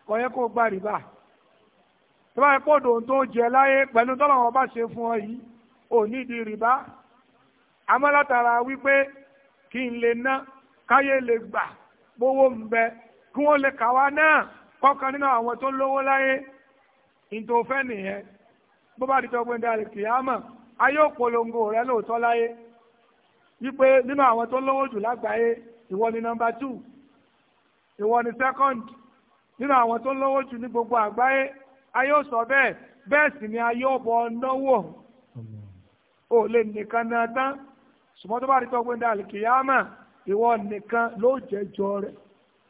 kò yẹ kó gba rìbá tó bá ṣe pọ̀dọ̀ tó jẹ láyé pẹ̀lú bá ṣe ọ yìí ò ní di kọ́kan nínú àwọn tó lówó láyé ìtòfẹ́ nìyẹn bó bá di tọ́gbọ́n dá kìyàmà ayé òpolongo rẹ lóòótọ́ láyé wípé nínú àwọn tó lówó jù lágbàáyé ìwọ ni nọmba two ìwọ ni second nínú àwọn tó lówó jù ní gbogbo àgbáyé ayé ò sọ bẹ́ẹ̀ bẹ́ẹ̀ sì ni ayé ọ̀bọ náwó ò lè nìkan náà tán ṣùgbọ́n tó bá di tọ́gbọ́n dá kìyàmà ìwọ nìkan ló jẹjọ rẹ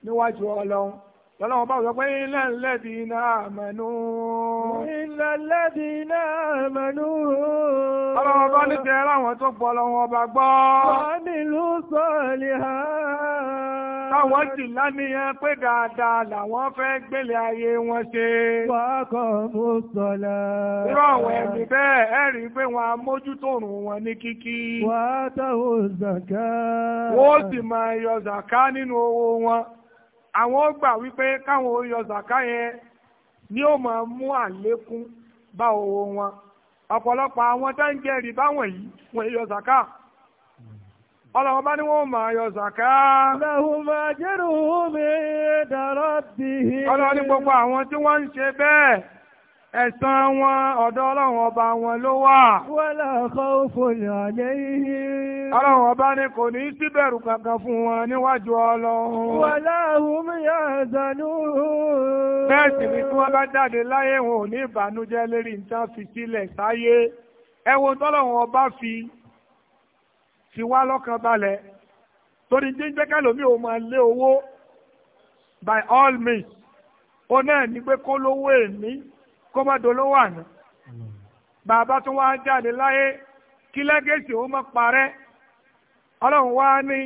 níwájú ọlọ́run. Tọ́lọ́wọ́ bá sọ pé ilẹ̀ lẹ́dí náà mẹ́nú. Ilẹ̀ lẹ́dí náà mẹ́nú. Ọlọ́wọ́ bá ní tẹ láwọn tó gbọ́ lọ́wọ́ bá gbọ́. Wọ́n nílù sọ́ọ̀lì ha. Táwọn jì láníyàn pé dáadáa làwọn fẹ́ gbélé ayé wọn ṣe. Wákọ̀ mú sọ̀lá. Irú àwọn ẹ̀mí bẹ́ẹ̀ ẹ pé wọn á mójútòrùn wọn ní kíkí. Wàá táwọn zàká. Wọ́n sì máa yọ zàká nínú owó wọn. àwọn ó wípé káwọn ó yọ zàká yẹn ni ó máa mú àlékún bá owó wọn ọ̀pọ̀lọpọ̀ àwọn tó ń jẹ rìbá wọ̀nyí wọ́n yọ zàká ọlọ́wọ́ bá ní wọ́n máa yọ zàká. Láhùn máa jẹ́rù omi dàrọ́ bìí. Ọlọ́run ní gbogbo àwọn tí wọ́n ń ṣe bẹ́ẹ̀. Ẹ̀san wọn ọ̀dọ̀ ọlọ́run ọba wọn ló wà. Wala khawfun alayhim. Ọlọ́run ọba ni kò ní síbẹ̀rù kankan fún wọn níwájú ọlọ́run. Wala hum yahzanun. Bẹ́ẹ̀ sì ni tí wọ́n bá jáde láyé wọn ò ní ìbànújẹ́ lérí nǹkan fi sílẹ̀ sáyé. Ẹ wo tọ́lọ́run ọba fi ti wá lọ́kàn balẹ̀. Torí jíjẹ́ kẹ́lòmí ò máa lé owó by all means. Ó náà ní pé kó lówó èmi. kó má hmm. bàbá tó wá jáde láyé kí lẹ́gẹ̀sì ó má parẹ́ ọlọ́run wá ní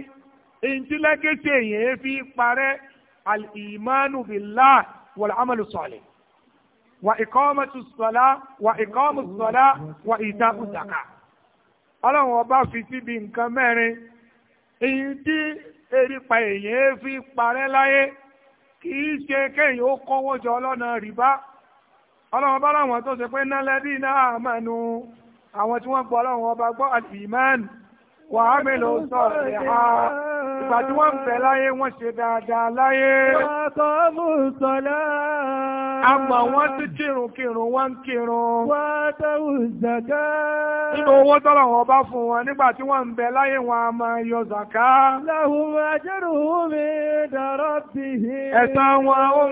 lẹ́gẹ̀sì èyàn fi parẹ́ al billah wa iqamatu salah wa iqamu salah wa ita'u zakah ọlọ́run ọba fi síbi nǹkan mẹ́rin erípa fi parẹ́ láyé kì í ṣe kéèyàn ó ọlọ́run bá láwọn tó ṣe pé nálẹ́bí náà mẹ́nu àwọn tí wọ́n gbọ́ ọlọ́run ọba gbọ́ àti ìmẹ́nu wàá mélòó sọ̀rọ̀ ìgbà tí wọ́n ń bẹ láyé wọ́n ṣe dáadáa láyé. Wàkọ̀ wọ́n tí kírun wọ́n ń kírun. Wàtàwù owó tọ́lọ̀ wọn bá fún wọn nígbà tí wọ́n ń bẹ láyé wọn a máa yọ zàká. Láhùn wọn ó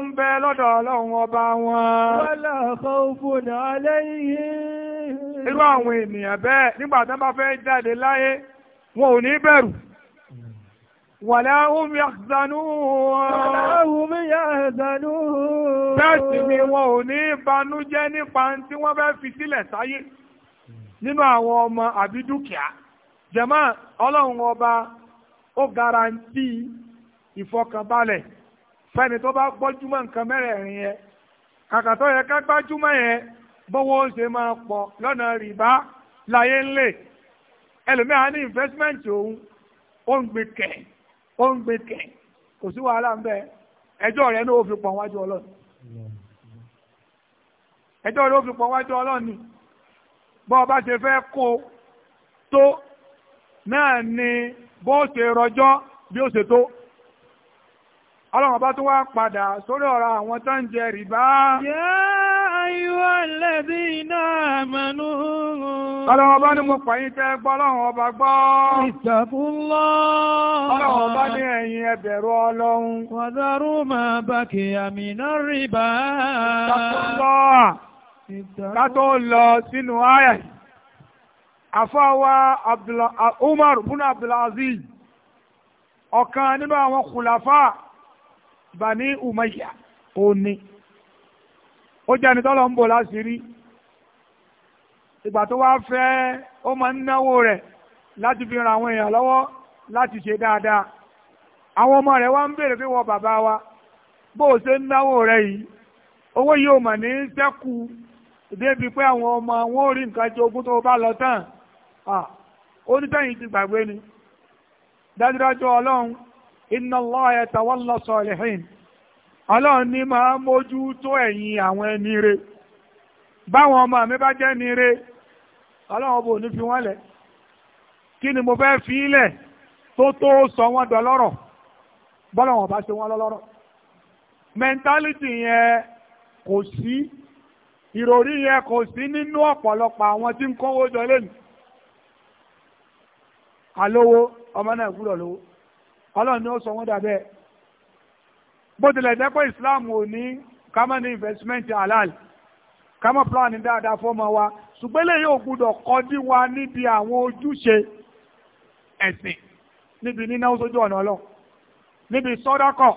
ń bẹ lọ́dọ̀ ọlọ́run ọba wọn. Irú àwọn ènìyàn bẹ́ẹ̀ nígbà tí wọ́n bá fẹ́ jáde láyé, wọn ò ní bẹ̀rù. ولا هم يحزنون ولا هم يحزنون bẹ́ẹ̀ sì ni wọn ò ní banújẹ́ nípa tí wọ́n bẹ́ẹ̀ fi sílẹ̀ sáyé nínú àwọn ọmọ àbí dúkìá jẹ̀mọ́ ọlọ́run ọba ó garanti ìfọkànbalẹ̀ fẹ́ni tó bá gbọ́júmọ́ nǹkan mẹ́rẹ̀ẹ̀rin yẹn kàkà tó yẹ ká gbájúmọ́ yẹn bówó ó ṣe máa pọ̀ lọ́nà rìbá láyé ńlẹ̀ investment òun ó ń ó ń gbé kẹ̀ kò sí wàhálà ń bẹ ẹjọ́ rẹ̀ ní ó fi pọ̀ wájú ọlọ́run ẹjọ́ rẹ̀ ó fi pọ̀ wájú ọlọ́run ni bọ́ ọba ṣe fẹ́ kó tó náà ni bó ṣe rọjọ́ bí ó ṣe tó ọlọ́run ọba tó wá padà sórí ọrọ àwọn tó ń jẹ rìbá. yẹ́ẹ́. أيها الذين آمنوا Ọlọ́run ọba ní mo pàyín tẹ́ gbọ́ lọ́run ọba gbọ́. Ìtàkùnlọ́. Ọlọ́run ọba ní ẹ̀yin ẹ bẹ̀rù Ọlọ́run. Wàdárú máa bá kí àmì náà rí bá. Ìtàkùnlọ́. Ká tó ó jẹ́ ẹni tọ́lọ̀ ń bò ìgbà tó wá fẹ́ ó máa ń náwó rẹ̀ láti fi ran àwọn èèyàn lọ́wọ́ láti ṣe dáadáa àwọn ọmọ rẹ̀ wa bó o ṣe ń náwó rẹ̀ yìí owó yìí ò mà ní débi pé àwọn ọmọ wọn ò rí nǹkan ogún tó bá lọ tán ó ní ti ni dájúdájú ọlọ́run ọlọ́run ní máa mójú tó ẹ̀yìn àwọn ẹni re báwọn ọmọ mi bá jẹ́ ni re ọlọ́run bò ní fi wọ́n lẹ̀ kí ni mo fẹ́ fi lẹ̀ tó tó sọ wọ́n dọlọ́rọ̀ bọ́lá wọn bá ṣe wọ́n lọ́lọ́rọ̀ mẹ́ńtálítì yẹn kò sí ìròrí yẹn kò sí nínú ọ̀pọ̀lọpọ̀ àwọn tí ń kówó jọ lẹ́nu alówó ọmọ náà gbúdọ̀ lówó ọlọ́run ni ó sọ wọ́n dà bẹ́ẹ̀. bó tilẹ̀ islamu islam ò ní ká ní investment halal plan dáadáa fọ́mọ wa ṣùgbọ́n yóò gbúdọ̀ kọjú wa níbi àwọn ojúṣe ẹ̀sìn níbi níná sójú ọ̀nà ọlọ́ níbi sọ́dákọ̀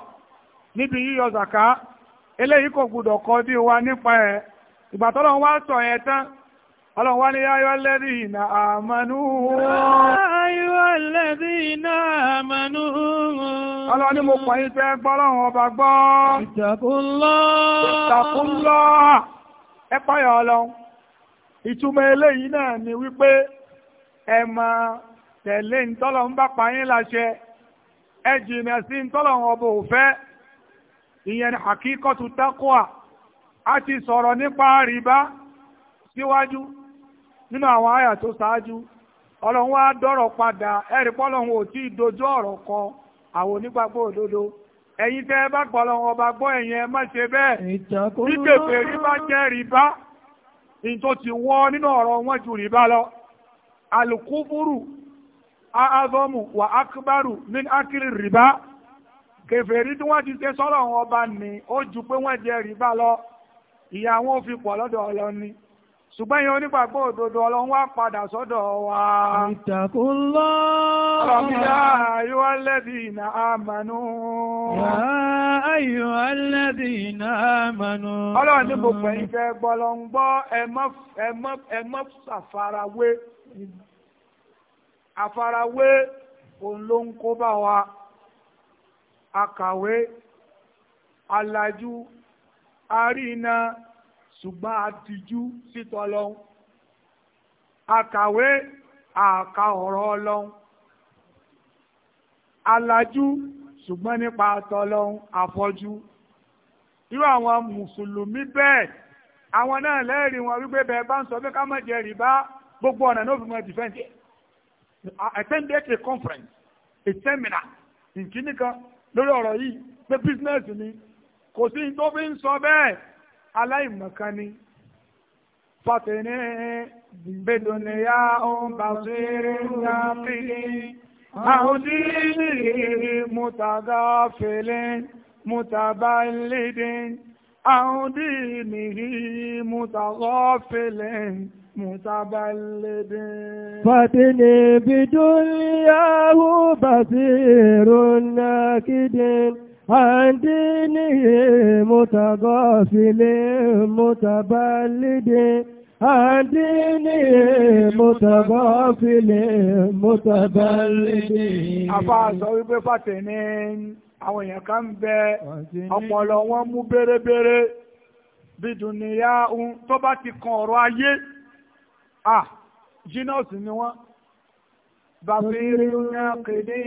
níbi yíyọ zàká eléyìí kò gbúdọ̀ kọjú wa nípa ẹ̀ ìgbà wá sọ yẹn tán wá ní ayọ́ lẹ́rí ayọ́ Ọlọ́ni mo pọ̀ yí tẹ́ gbọ́lọ́run ọba gbọ́. Ìtàkúnlọ́. Ẹ páyà Ìtumọ̀ eléyìí náà ni wípé ẹ tẹ̀lé ntọ́lọ̀ bá pa láṣẹ. sí ọba òfẹ́. Ìyẹn A ti sọ̀rọ̀ nípa síwájú nínú àwọn àyà tó ṣáájú. Ọlọ́run wá dọ̀rọ̀ padà ẹ̀rí pọ́lọ́run àwọn onígbàgbọ́ òdodo ẹ̀yin tẹ́ ẹ bá gbọ́ lọ́wọ́ ọba gbọ́ ẹ̀yin ẹ má ṣe bẹ́ẹ̀ bí kèfè rí bá jẹ́ rìbá ní tó ti wọ́n nínú ọ̀rọ̀ wọn ju rìbá lọ alukufuru aazọ́mù wà akbaru ní akiri rìbá kèfè rí tí wọ́n ti ṣe sọ́rọ̀ wọn ọba ní ó ju pé wọ́n jẹ́ rìbá lọ ìyá fi pọ̀ lọ́dọ̀ ọlọ́ni ṣùgbọ́n yẹn onígbàgbọ́ òdodo ọlọ́run wá padà sọ́dọ̀ wa. ìtàkùnlọ́. ọlọ́mídá ayọ́ alẹ́bí iná àmànú. ayọ́ alẹ́bí iná àmànú. ọlọ́run ní gbogbo ẹ̀yin fẹ́ gbọ́ lọ ń gbọ́ ẹ má àfarawé òun ló ń kó bá wa. akàwé alájú arínà ṣùgbọ́n a tijú sítọ́ ọlọ́run akàwé àka ọ̀rọ̀ ọlọ́run alájú ṣùgbọ́n nípa àtọ́lọ́run àfọ́jú irú àwọn mùsùlùmí bẹ́ẹ̀ àwọn náà lẹ́rìí wọn wípé bẹ́ẹ̀ bá ń sọ pé ká má jẹ rìbá gbogbo ọ̀nà ló fi mọ defense attended a conference a seminar nkíní kan lórí ọ̀rọ̀ yìí pé business ni kò sí ní tó fi ń sọ bẹ́ẹ̀ aláìmọ̀kan ni fọ́tẹ̀ní gbẹ̀dọ̀nìyà òun bá ṣeré ńláfíì àwọn dìrì mútàgá fèlè mútàbá lédè àwọn dìrì mútàgá fèlè mútàbá lédè. fọ́tẹ̀ní gbẹ̀dọ̀nìyà òun bá ṣeré ńláfíì àdínìyè mọ́tàgọ́fìlẹ̀ mọ́tàbálídé àdínìyè mọ́tàgọ́fìlẹ̀ mọ́tàbálídé. àbá sọ wípé pàtẹ ní àwọn èèyàn kan ń bẹ ọpọlọ wọn mú bérebére bídùnìyà ohun tó bá ti kan ọ̀rọ̀ ayé à jínọọsì ni wọn bàbá ìrìn náà kéde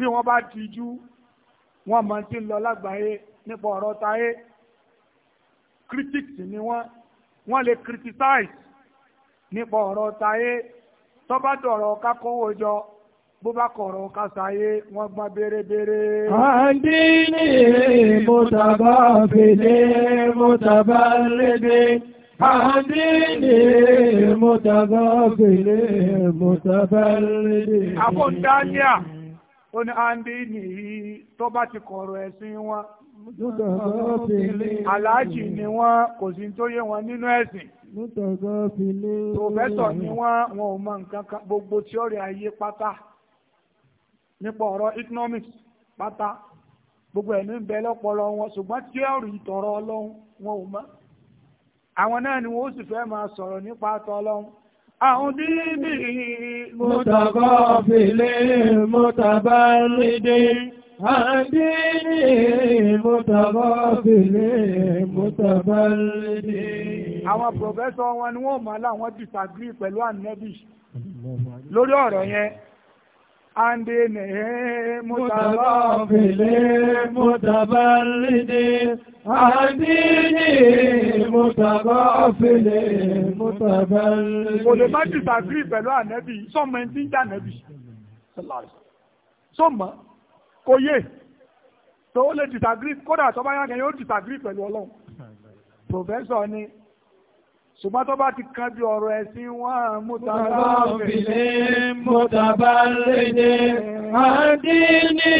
bí wọ́n bá tijú wọ́n máa ti ń lọ lágbàáyé nípa ọ̀rọ̀ táyé critics ni wọ́n wọ́n lè criticize nípa ọ̀rọ̀ táyé tó bá dọ̀rọ̀ ká kówó jọ bó bá kọ̀rọ̀ ká sáyé wọ́n gbọ́n bérebére. àdí ní mọ́tàbá fèlé mọ́tàbá lédè. àdí ní mọ́tàbá fèlé mọ́tàbá lédè. àbọ̀ dáníà. ó ní áńdí nìyí tó ti kọ̀rọ̀ ẹ̀sìn wọn aláàjì ni wọn kò sí tó yé wọn nínú ni wọ́n wọn ò mọ nǹkan gbogbo tiori ayé pátá nípa ọ̀rọ̀ economics pátá gbogbo ẹ̀mí ń bẹ wọn ṣùgbọ́n tíọ́rì ìtọ̀rọ̀ ọlọ́run wọn ò àwọn náà ni àúdíbì mọ́tàbá fìlẹ̀ mọ́tàbá lédè àdínì mọ́tàbá fìlẹ̀ mọ́tàbá lédè. Àwọn pòfẹ́sọ̀ wọn ni wọ́n máa láwọn disagree pẹ̀lú ànẹ́bì lórí ọ̀rọ̀ yẹn. عندنا متغافل متبرد عندنا متغافل متبرد kò lè má disagree pẹ̀lú ànẹ́bì sọ́mọ ẹni tí ń jà ànẹ́bì sọ́mọ kò yé tó lè disagree kódà tó bá yá kẹ́yìn ó disagree pẹ̀lú ọlọ́run pòfẹ́sọ̀ ni ṣùgbọ́n tó bá ti kan bí ọ̀rọ̀ ẹ̀sìn wọn mútàbáfìlẹ̀ mútàbálédé àdínní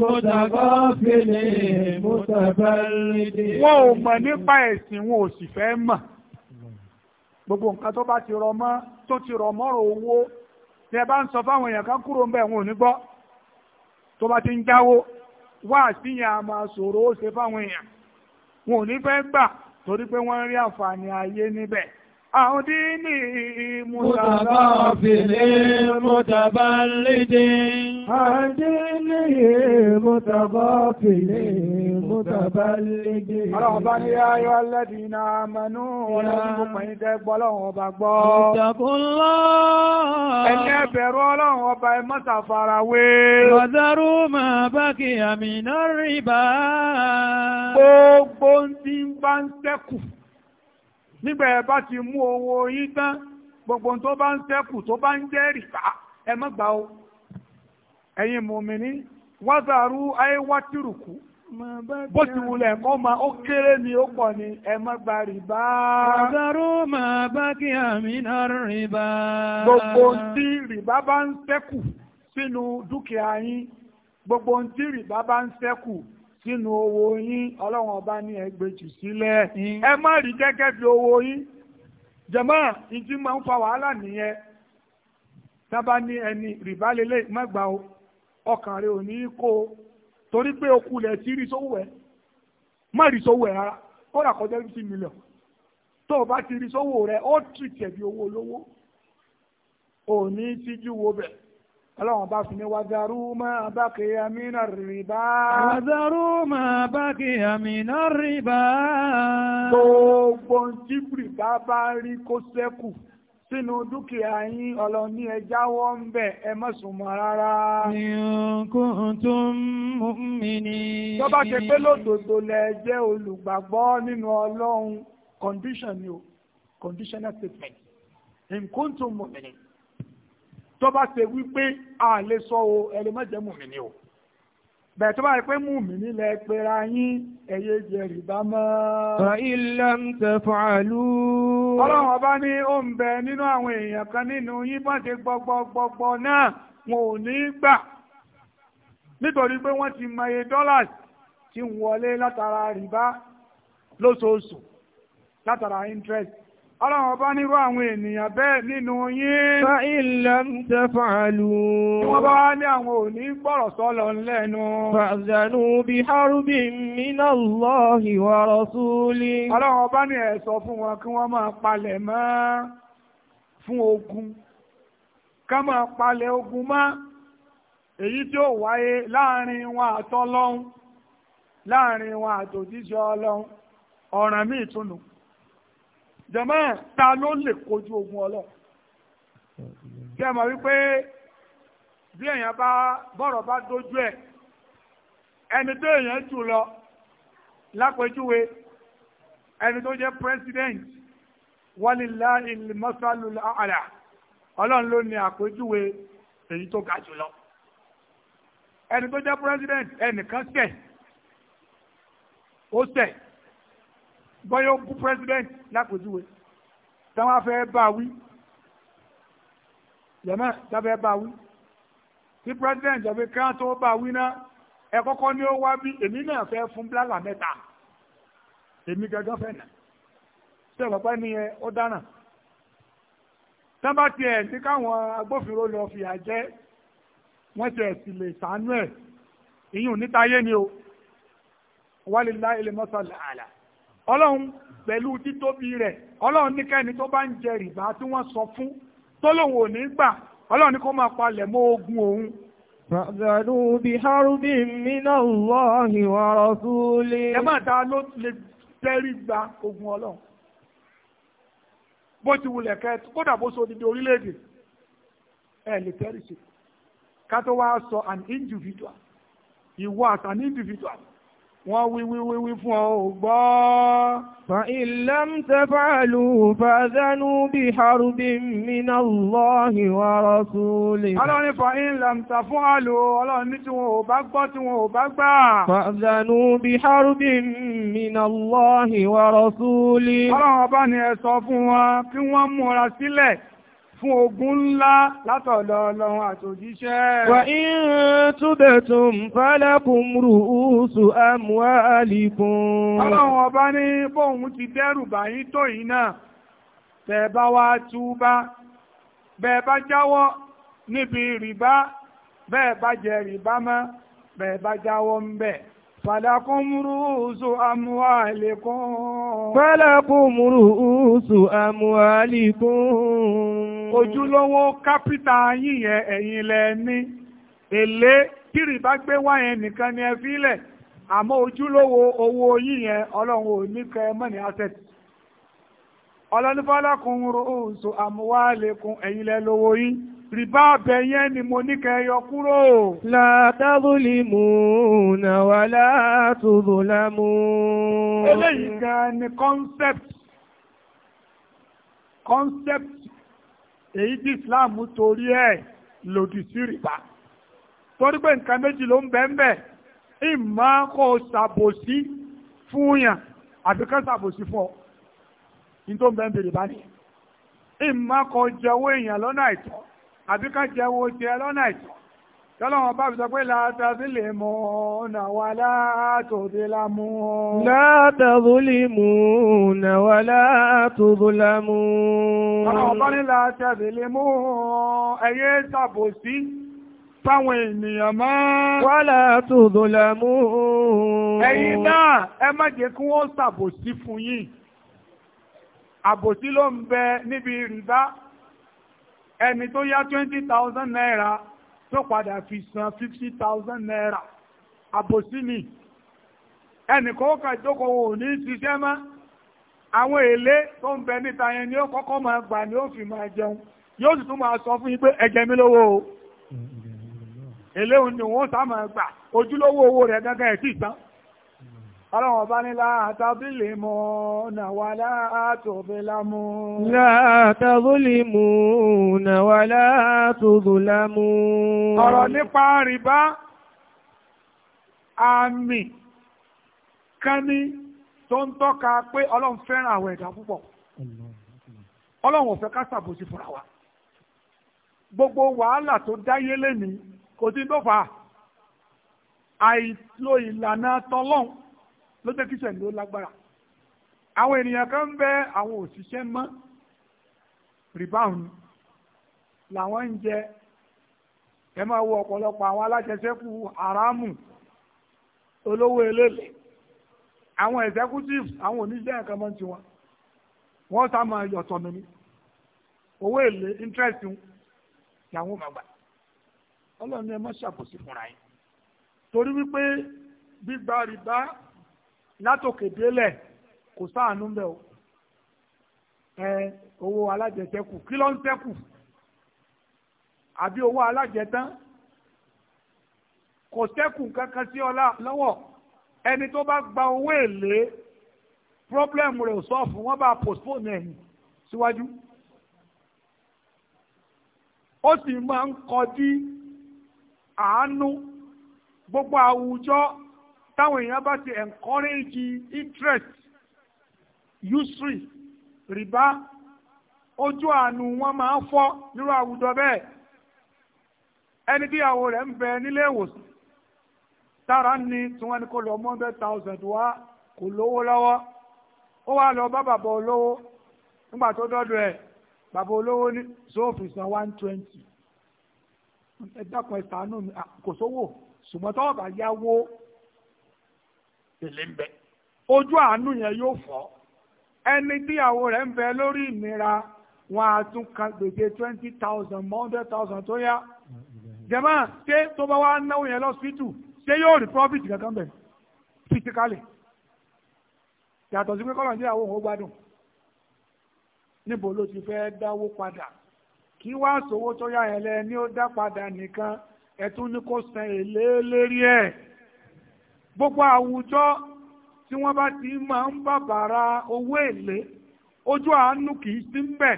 mútàbáfìlẹ̀ mútàbálédé wọn ò mọ̀ nípa ẹ̀sìn wọn ò sì fẹ́ mọ̀ gbogbo nǹkan tó bá ti rọ mọ́ tó ti rọ mọ́rọ̀ owó tẹ bá ń sọ fáwọn èèyàn kan kúrò ń bẹ̀ wọn ò ní gbọ́ tó bá ti ń jáwó wá síyàn a máa sọ̀rọ̀ ó ṣe fáwọn èèyàn wọn ò ní fẹ́ gbà torí pé wọ́n rí àǹfààní ayé níbẹ̀ àdínì mùtàbáfìlì mùtàbálídì. àdínì mùtàbáfìlì mùtàbálídì. ọlọ́run bá ní ayọ́ alẹ́dì náà mẹ́nu ọlọ́run gbogbo yín tẹ́ gbọ́ ọlọ́run ọba gbọ́. ìtàkùnlá. ẹni ẹbẹ̀rù ọlọ́run ọba ẹ má ṣàfarawé. wàdàrú máa bá kí àmì náà rí bá. gbogbo ń ti ń bá ń ṣẹ́kù. nígbà ẹ bá ti mú owó yín tán gbogbo tó bá ń ṣẹ́kù tó bá ń jẹ́ rìbá ẹ má gbà o ẹ̀yin mùmíní wázàrú ayé wá tìrùkù bó ti wulẹ̀ kọ́ ma ó kéré ni ó pọ̀ ni ẹ má gbà rìbá. wázàrú máa bá kí àmì náà rìbá. gbogbo tí rìbá bá ń ṣẹ́kù sínú dúkìá yín gbogbo tí rìbá bá ń ṣẹ́kù sínú owó yín ọlọ́run ọba ní ẹgbẹ̀jù sílẹ̀ ẹ má rí gẹ́gẹ́ bí owó yín jẹ̀mọ́ ìdí máa ń fa wàhálà nìyẹn tábà ní ẹni rìbá lélẹ̀ má gbà o ọkàn rẹ ò ní kó o torí pé o kulẹ̀ tí rí sówó ẹ̀ má rí sówó ẹ̀ rárá ó rà kọjá fifty million tó o bá ti rí sówó rẹ ó tìtẹ̀ bí owó olówó ò ní tíjú wo bẹ́ẹ̀ ọlọ́run bá fi ní wàzàrú máa bá kí àmìnà rìbá wàzàrú máa bá kí àmìnà rìbá gbogbo tí rìbá bá rí kó sẹ́kù sínú dúkìá yín ọlọ́ní ẹjá wọ́n ń bẹ̀ ẹ mọ́sùnmọ́ rárá nǹkan tó ń mú ní tó bá ṣe pé lódodo lẹ jẹ́ olùgbàgbọ́ nínú ọlọ́run condition ni o conditional statement nǹkan tó mú mi ní tó bá ṣe wípé a lè sọ o ẹni mọ́jẹ́ mùmìnì o bẹ̀ẹ̀ tó bá rí pé mùmìnì lẹ pera yín ẹ̀yẹ jẹ rìbá mọ́. fa illam taf'alu. ọlọ́run ọba ní ó ń bẹ nínú àwọn èèyàn kan nínú yín bá ti gbọgbọgbọgbọ náà wọn ò ní gbà nítorí pé wọ́n ti mọ dọ́là tí wọlé látara rìbá lóṣooṣù látara interest Ọlọ́run ọba nírú àwọn ènìyàn bẹ́ẹ̀ nínú yín. Fa ilẹ̀ ń tẹ́ fàálù. Wọ́n bá ní àwọn òní gbọ́rọ̀ sọ́lọ lẹ́nu. Fàzànú bí Harúbí mínà lọ́hì wà rọ̀súlì. Ọlọ́run ọba ní ẹ fún wọn kí wọ́n máa palẹ̀ mọ́ fún ogun. Ká máa ogun mọ́ èyí tí wáyé láàrin wọn láàrin wọn àtòjíṣẹ́ ọ̀ràn jẹ̀mọ́ ta ló lè kojú ogun ọlọ́ jẹ́ mọ̀ wípé bí èèyàn bá bọ̀rọ̀ bá dojú ẹ̀ ẹni tó èèyàn jù lọ lápẹjúwe ẹni tó jẹ́ president walillahi al-masalul a'la ọlọ́run ló ní àpẹjúwe èyí tó ga jù lọ ẹni tó jẹ́ president ẹnìkan ṣẹ̀ ó ṣẹ̀ bọ́yọ̀ bú president lápòjúwe táwọn afẹ́ bá wí jẹ́mọ́ tábẹ́ bá wí tí president jẹ́ pé kí wọ́n tó bá wí náà ẹ kọ́kọ́ ní ó wá bí èmi náà fẹ́ fún blala mẹ́ta èmi gẹ́gẹ́ fẹ́ nà ṣé bàbá ni ẹ ó dáná tábà tiẹ̀ ní káwọn agbófinró lọ fìyà jẹ wọ́n tiẹ̀ sì lè sànú ẹ̀ ìyún níta yé ni o wálé láìlè mọ́sálà àlà ọlọ́run pẹ̀lú títóbi rẹ̀ ọlọ́run ní kẹ́ni tó bá ń jẹ rìbá tí wọ́n sọ fún tó lòun ò ní gbà ọlọ́run ní kó máa palẹ̀ mọ́ ogun òun. fàgàdù bí harbi min Allahi wa rasuli. ẹ má ta ló lè tẹ́rí gba ogun ọlọ́run bó ti wulẹ̀ kẹ́ kódà bó so odidi orílẹ̀-èdè ẹ lè tẹ́rí sí ká tó wá sọ an individual ìwọ as an individual wọ́n wíwí wíwí fún ọ ò gbọ́. fa illam taf'alu fa'dhanu bi harbin min Allahi wa rasulihi. ọlọ́run fa illam taf'alu ọlọ́run ní tí wọn ò bá gbọ́ tí wọn ò bá gbà. fa'dhanu bi harbin min Allahi wa rasulihi. ọlọ́run ọba ni ẹ sọ fún wọn kí wọ́n múra sílẹ̀ fún ogun ńlá látọ̀dọ̀ ọlọ́run àtòjíṣẹ́. Wà ń túbẹ̀ tó ń fálẹ́kùn rúúsù àmúwá àlìkùn. Ọlọ́run ọba ní bẹ́ẹ̀ bá jáwọ́ rìbá mọ́, bẹ́ẹ̀ bá jáwọ́ ń bẹ̀. فلكم رؤوس أموالكم فلكم رؤوس أموالكم ojúlówó kápítà yín yẹn ẹ̀yin lẹ ní èlé kiri bá gbé wá yẹn nìkan ni ẹ fi lẹ̀ àmọ́ ojúlówó owó yín yẹn ọlọ́run ò ní kẹ mọ́ni asset ọlọ́nifọ́lákùn rúùsù àmúwálẹ́kùn ẹ̀yin lẹ lówó yín rìbá ọbẹ̀ yẹn ni mo ní kẹyọ kúrò. látàbùlì mú nà wà látòbò lámú. eléyìí gan ni concept concept èyí tí Islam torí ẹ̀ lòdì sí rìbá torí pé nǹkan méjì ló ń bẹ́ẹ̀ bẹ́ẹ̀ ìmọ̀ kò ṣàbòsí fún yàn àbí ká ṣàbòsí fún ọ jẹ́wọ́ èèyàn lọ́nà àìtọ́ àbí ká jẹ́wọ́ jẹ lọ́nà ìtọ́ tọ́lọ́wọ́n bá fi sọ pé látàzílè mọ́ ọ̀nà wà látòdé lámú ọ́. látàzílè mọ́ ọ̀nà wà látòdé lámú. tọ́lọ́wọ́n bá ní látàzílè mọ́ ẹ̀yẹ́ ṣàbòsí fáwọn ènìyàn mọ́. wà látòdé lámú. ẹ̀yin náà ẹ má jẹ́ kí wọ́n ṣàbòsí fún yín àbòsí ló ń bẹ níbi rìbá. ẹni tó yá twenty thousand naira tó padà fi san naira àbòsí eni ẹnì kan kà jókòó ò ní ṣiṣẹ́ mọ́ àwọn èlé tó ń bẹ níta yẹn ni ó kọ́kọ́ máa gbà ni ó fi máa jẹun yóò sì tún máa sọ fún yín pé o èlé òun ni òun sá máa gbà ojúlówó owó rẹ̀ gángan ẹ̀ sì tán Ọlọ́run bá ní láàtàbílì mú nàwà láàtòbílá mú. Láàtàbílì mú nàwà láàtòbílá mú. Ọ̀rọ̀ nípa rìbá, àmì, kání tó ń tọ́ka pé Ọlọ́run fẹ́ràn àwọn ẹ̀dá púpọ̀. Ọlọ́run ò fẹ́ ká ṣàbòsí fúnra wa. Gbogbo wàhálà tó dáyé lénìí kò sí tó fà á. Àìlò ìlànà tọlọ́run ló jẹ́ kí sẹ̀mí ó lágbára àwọn ènìyàn kan ń bẹ àwọn òṣìṣẹ́ mọ́ rìbáhùn làwọn ń jẹ ẹ máa wo ọ̀pọ̀lọpọ̀ àwọn aláṣẹṣẹ́kù haramu olówó eléle àwọn executives àwọn oníṣẹ́ ẹ̀kan mọ́ tiwọn wọ́n sá máa yọ̀tọ̀ mi ní owó èlé interest làwọn ò máa gbà ọlọ́run ẹ má ṣàbòsí fúnra yín torí wípé gbígba rìbá látòkè délẹ̀ kò sáànú bẹ́ẹ̀ o ẹ owó alájẹsẹ́kù kí ló ń ṣẹ́kù àbí owó alájẹtán kò ṣẹ́kù kankan sí ọ lọ́wọ́ ẹni tó bá gba owó èlé problem rẹ̀ ò sọ́ọ̀fù wọ́n bá postpone ẹ̀yìn síwájú ó sì máa ń kọjú àánú gbogbo àwùjọ táwọn èèyàn bá ti encourage interest usury rìbá ojú àánú wọn máa ń fọ́ nírú àwùjọ bẹ́ẹ̀ ẹni bí ìyàwó rẹ̀ ń bẹ nílé ìwòsàn tára ní tí wọ́n ní kó lọ mọ́ hundred thousand wá kò lówó lọ́wọ́ ó wá lọ bá bàbá olówó nígbà tó bàbá èlé ń bẹ ojú àánú yẹn yóò fọ́ ẹni tíyàwó rẹ̀ ń bẹ lórí ìnira wọn á tún ka gbèsè twenty thousand one hundred thousand tó yá jẹ̀mọ́ ṣé tó bá wá náwó yẹn lọ́sítù ṣé yóò rí profit kankan bẹ̀ fisikálì yàtọ̀ sí pé kọ́lọ̀ níyàwó òun ó gbádùn níbo ló ti fẹ́ dáwó padà kí wá sówó tó yá yẹn lẹ ní ó dá padà nìkan ẹ tún ní kó san èlé lérí ẹ̀. gbogbo àwùjọ tí wọ́n bá ti máa ń bàbàrà owó èlé ojú àánú kìí í sí mbẹ̀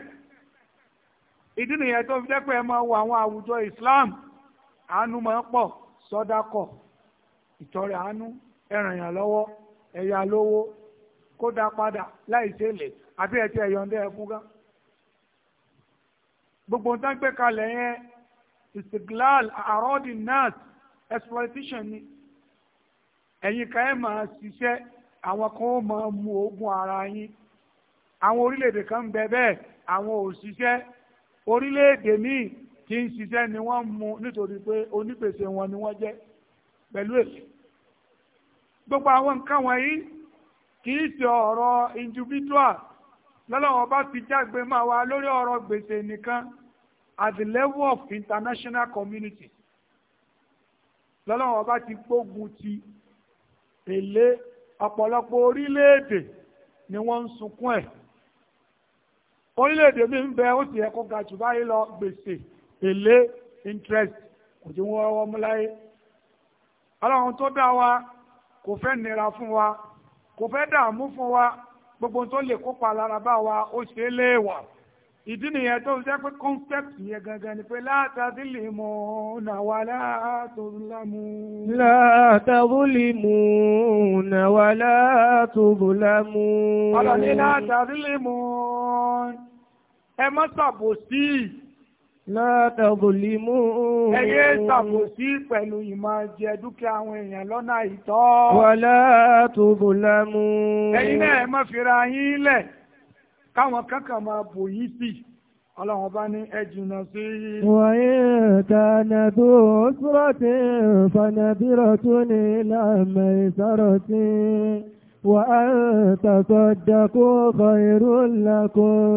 ìdí nìyẹn tó fi pé ẹ máa wo àwọn àwùjọ Islam àánú máa ń pọ̀ ìtọrẹ àánú yàn lọ́wọ́ ẹ̀yà lówó kó gbogbo nǹkan gbé kalẹ̀ yẹn ni. ẹ̀yin kan ẹ̀ máa ṣiṣẹ́ àwọn kan ó máa mu oògùn ara yín àwọn orílẹ̀-èdè kan ń bẹ bẹ́ẹ̀ àwọn ò ṣiṣẹ́ orílẹ̀-èdè míì tí ń ṣiṣẹ́ ni wọ́n mu nítorí pé onípèsè wọn ni wọ́n jẹ́ pẹ̀lú èlé gbogbo àwọn nǹkan wọ̀nyí kì í ṣe ọ̀rọ̀ individual lọ́lọ́wọ́ bá ti jágbe máa wá lórí ọ̀rọ̀ gbèsè nìkan at the level of international community lọ́lọ́wọ́ bá ti gbógun ti èlé ọ̀pọ̀lọpọ̀ orílẹ̀-èdè ni wọ́n ń sunkún ẹ̀ orílẹ̀-èdè mi ń bẹ ó sì yẹ kó ga jù báyìí lọ gbèsè èlé interest kò tí wọ́n rọwọ́ múláyé aláwọn tó dá wa kò fẹ́ nira fún wa kò fẹ́ dààmú fún wa gbogbo tó lè kópa lára bá wa ó ṣe é léèwà. ìdí nìyẹn tó ń jẹ́ pé concept yẹn gangan ni pé látàdílì mọ́ nàwà látòbúlámù. látàdílìmù nàwà látòbúlámù. ọlọ́ni látàdílìmù ẹ má ṣàbòsí. látàdílìmù. ẹ yé ṣàbòsí pẹ̀lú ìmọ̀ jẹ dúkìá àwọn èèyàn lọ́nà àìtọ́. wà látòbúlámù. ẹ̀yin náà ẹ má fira yín lẹ̀ káwọn kankan máa bò yí sí ọlọ́run bá ní ẹ jìnnà sí. wọ̀nyí kànà tó sọ́ọ̀tì fanabirọ̀ tó ní ìlànà ìsọ̀rọ̀ sí. وأن تصدقوا خير لكم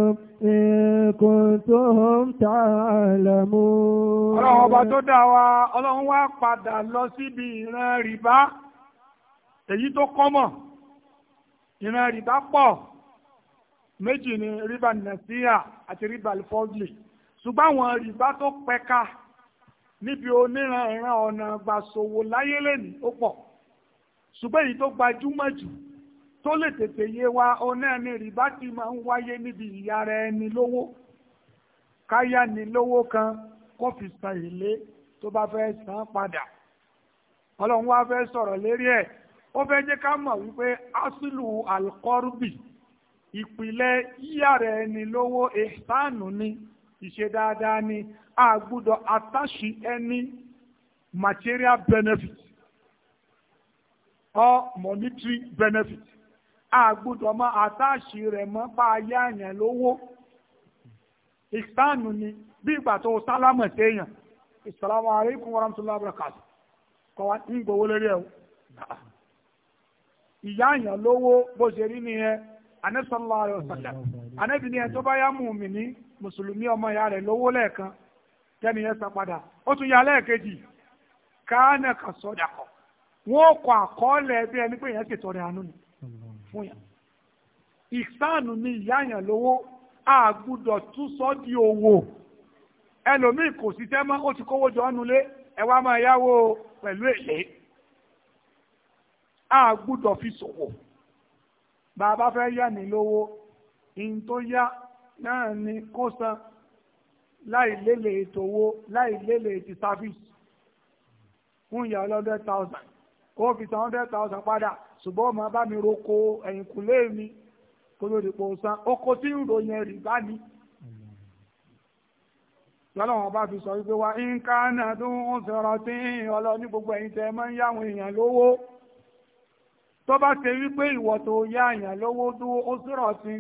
إن كنتم تعلمون ọlọ́run ọba tó dá wa ọlọ́run wá padà lọ síbi ìran rìbá èyí tó kọ́mọ̀ ìran rìbá pọ̀ méjì ni riba nàṣíà àti rìbá alifọ́dìlì ṣùgbọ́n àwọn rìbá tó pẹ̀ka níbi oníran ìran ọ̀nà àgbàsòwò láyé lẹ́nìí ó pọ̀ ṣùgbọ́n èyí tó gbajúmọ̀ jù tó lè tètè yé wa ọ̀nà ni riba ti máa ń wáyé níbi ìyára ẹni lówó káyà ní lówó kan kó fi san èlé tó bá fẹ́ san padà ọlọ́run wá fẹ́ sọ̀rọ̀ lérí ẹ̀ ó fẹ́ jẹ́ ká mọ̀ wípé asílù alkọ́rùbì ìpìlẹ̀ yíyàrá ẹni lówó ìsánù ni ìṣe dáadáa ni a gbúdọ̀ àtàṣì ẹni material benefit or monetary benefit a gbúdọ̀ mọ àtàṣì rẹ̀ mọ́ bá a yá yẹn lówó ìsánù ni bí ìgbà tó sálámọ̀ séèyàn ìsàlámù alaykum wa rahmatullahi wa barakatuh kọ́ wa ń gbowó lórí ẹ̀ ìyá yẹn lówó bó ṣe rí nìyẹn. anẹ́sọ̀lá rẹ̀ ọ̀sàlẹ̀ anẹ́bìnrin ẹ̀ tó bá yá mú mi ní mùsùlùmí ọmọ ìyá rẹ̀ lówó lẹ́ẹ̀kan tẹ́ni yẹn san ó tún yá lẹ́ẹ̀kejì káánà kan sọ̀dà kọ̀ wọ́n kọ àkọọ́lẹ̀ bí ẹni pé yẹn ṣètọrẹ àánú ni fún yàn ìsánù ni ìyá yàn lówó a gbúdọ̀ tún sọ di owó ẹlòmíì kò sí tẹ́mọ́ ó ti kówó jọ ọ́nulé ẹ wá máa yáwó pẹ̀lú èlé a gbúdọ̀ fi ṣòwò. So bá a bá fẹ́ yá ní lówó in tó yá náà ni kó san láì lélẹ̀ ètò owó láì lélẹ̀ ti service fún ìyá ọlọ́dẹ thousand ó fi san hundred thousand padà ṣùgbọ́n ọmọ bá mi roko ẹ̀yìnkùlé mi kó ló dìpọ̀ san oko tí ń ròyìn rìbá ni lọ́lọ́wọ́n bá fi sọ wípé wa nǹkan náà tó ń sọ̀rọ̀ tí ọlọ́ ní gbogbo ẹ̀yin tẹ́ máa ń yáwọn èèyàn lówó tó bá ṣe wípé ìwọ tó yá àyàn lówó dúró ó sọ̀rọ̀ sí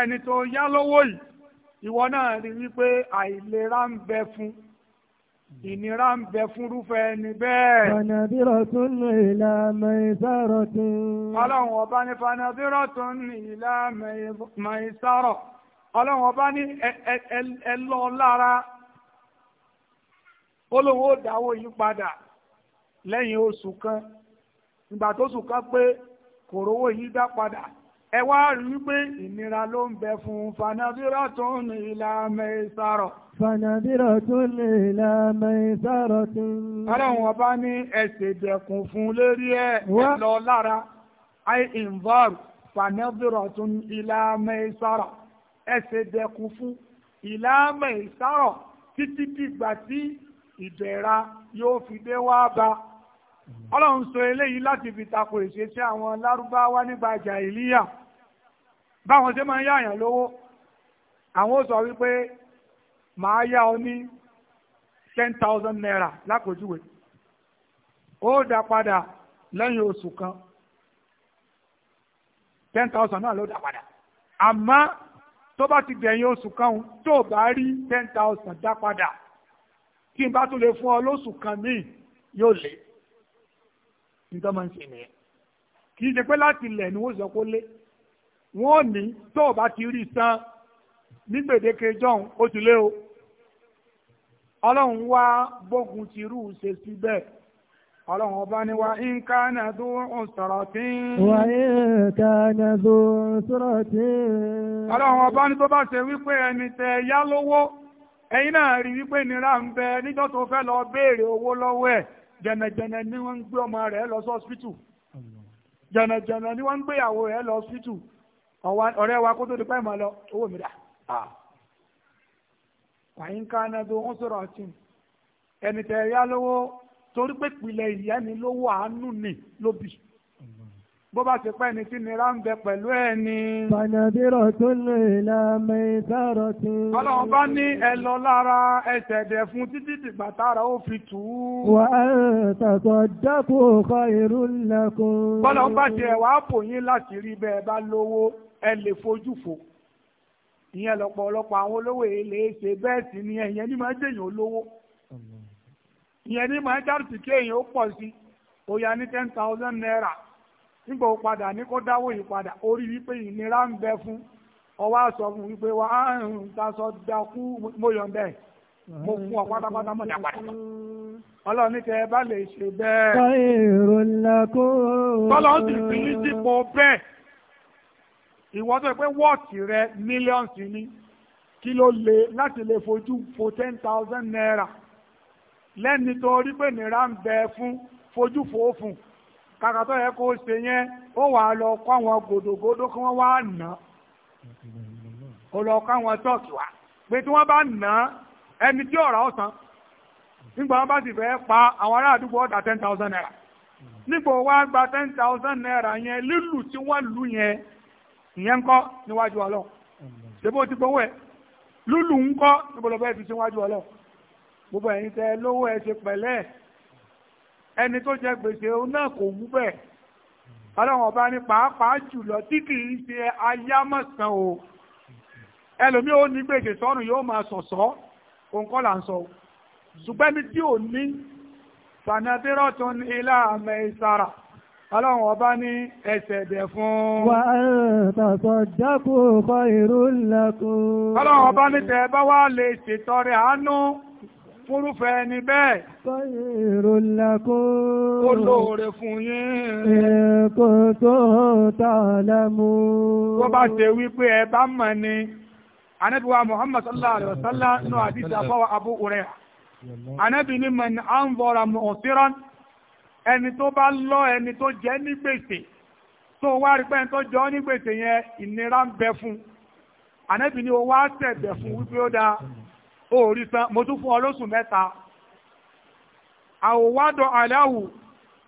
ẹni tó yá lówó yìí ìwọ náà rí wípé àìlera ń bẹ fún ìnira ń bẹ fúnrúfẹ́ ẹni bẹ́ẹ̀. fanadírọ̀tún ìlà mẹ́sàrọ̀tún. ọlọ́run ọba ní fanadírọ̀tún ìlà mẹ́sàrọ̀ ọlọ́run ọba ní ẹlọ lára olóhùn ó dáwó padà lẹ́yìn oṣù kan nígbà tó sùn ká pé kòrówó yìí dá padà ẹ wá rí i pé ìnira ló ń bẹ fún fanadira tó ń ilà mẹ́sàrọ̀. fanadira tó ń ilà mẹ́sàrọ̀ tó ń. ọlọ́run ọba ní ẹsẹ̀ dẹ̀kùn fún lérí ẹ̀ lọ lára i invar fanadira tó ń ilà mẹ́sàrọ̀ ẹsẹ̀ dẹ̀kùn fún ilà mẹ́sàrọ̀ títí dìgbà tí ìdẹ̀ra yóò fi dé wá bá ọlọ́run sọ eléyìí láti fi tako ìṣesí àwọn lárúbáwá nígbà jàìlíyà báwọn ṣe máa ń yáàyàn lówó àwọn ó sọ wípé màá yá ọ ní ten thousand naira lápòjúwe ó dá padà lẹ́yìn oṣù kan ten thousand náà ló dá padà àmọ́ tó bá ti dẹ̀yìn oṣù kan tó bá rí ten thousand dá padà kí n bá tún lè fún ọ lóṣù kan míì yóò lé nítorí máa ń ṣe nìyẹn kì í ṣe pé láti ilẹ̀ ni wọ́n sọ kó lé wọ́n ní tó o bá ti rí san ní gbèdéke john ó o ọlọ́run wá gbógun ti rú ṣe sí bẹ́ẹ̀ ọlọ́run ọba ni wa nǹkan àdó ọ̀sọ̀rọ̀ tí ń. wa nǹkan àdó ọ̀sọ̀rọ̀ tí ń. ọlọ́run ọba ni tó bá ṣe wípé ẹni tẹ yá lówó ẹ̀yin náà rí wípé nira ń bẹ níjọ́ tó fẹ́ lọ béèrè owó lọ́wọ́ ẹ̀ jẹnẹjẹnẹ ni wọ́n ń gbé ọmọ rẹ̀ lọ sí hospital jẹnẹjẹnẹ ni wọ́n ń gbéyàwó rẹ̀ lọ hospital ọ̀rẹ́ wa kó tó di pẹ́ mọ́ lọ owó mi dà ah. wàyí ń ká ẹ náà tó ń sọ̀rọ̀ ọtí ẹnìtẹ̀ ẹ̀yà lówó torí pé ìpìlẹ̀ ìyá ni lówó àánú ni lóbi bó bá ti pẹ́ ni tí nira ń bẹ pẹ̀lú ẹni. Bànàbírọ̀ tó lè lámẹ́ ìtàrọ̀ tí. Ọlọ́run bá ní ẹ lọ lára ẹsẹ̀ dẹ̀ fún títí dìgbà tára ó fi tù ú. Wà á tàtọ̀ dákò ọkọ̀ ìrú lẹ́kùn. Bọ́lọ́run bá ti ẹ̀wà àpò yín láti rí bẹ́ẹ̀ bá lówó ẹ lè fojú fò. Ìyẹn lọ̀pọ̀lọpọ̀ àwọn olówó èlé ṣe bẹ́ẹ̀ sì ni ẹ̀yẹn ní máa jẹ̀yìn olówó. Ìyẹn ní máa dárò ten thousand naira nígbà ó padà ní kó dáwó yìí padà orí wípé ìnira ń bẹ fún ọwọ àṣọ fún wípé wà á ń tasọ dákú mo mo fún ọ pátápátá mo dà padà ọlọ́run ní kẹ́ ẹ bá lè ṣe bẹ́ẹ̀. èrò ńlá kó. tọ́lọ́ sì fi ní bẹ́ẹ̀ pé rẹ ni kí ló lè láti lè fojú fo ten thousand naira lẹ́ni tó rí pé nira ń bẹ fún fojú fo kàkà tó yẹ kó ṣe yẹn ó wà lọ kó àwọn gòdògòdò kí wọ́n wá nà ó lọ kó àwọn tọ́ọ̀kì wá pé tí wọ́n bá nà ẹni tí ọ̀rà ọ̀sán nígbà wọn bá sì fẹ́ pa àwọn ará àdúgbò ọ̀dà ten thousand naira nígbà wá gba ten thousand naira yẹn lílù tí wọ́n lù yẹn ìyẹn ń kọ́ níwájú ọlọ́ ṣebó ti gbowó ẹ̀ lúlù ń kọ́ níbo lọ́bẹ̀ẹ́ fi síwájú ọlọ́ gbogbo ẹ̀yin tẹ lówó ẹ ṣe pẹ̀lẹ́ ẹni tó jẹ gbèsè òun náà kò wú bẹ́ẹ̀ ọlọ́run ọba ní pàápàá jùlọ tí kì í ṣe ayámọ̀sán o ẹlòmíì ó ní gbèsè sọ́run yóò máa sọ̀sọ́ òun kọ́ là ń sọ ṣùgbọ́n ní tí ò ní sanadirotun ilá àmì ìsára ọlọ́run ọba ní ẹsẹ̀ dẹ̀ fún. wà á tàṣọ jákòó kọ ìrú ńlá kó. ọlọ́run ọba ní tẹ́ bá wá lè ṣètọrẹ àánú fúrúfẹ́ ẹni bẹ́ẹ̀. Sọ́yìnrò lákó. Ó lóore fún yín. Èkó tó tààlà mú. Tó bá ṣe wípé ẹ bá mọ̀ ni, Anábíwá Muhammad sallallahu alaihi wasallam nù àdìsí àfọwọ́ Abu Hurairah. Anábì ni mọ̀ ní à ń bọ̀ra mu'siran. Ẹni tó bá lọ ẹni tó jẹ́ ní gbèsè. Tó wá rí pé ẹni tó jọ ní gbèsè yẹn ìnira ń bẹ fún. Anábì ni o wá tẹ̀bẹ̀ fún wípé ó dáa orí tán mo tún fún ọ lóṣù mẹ́ta àwòwádọ̀ aláwù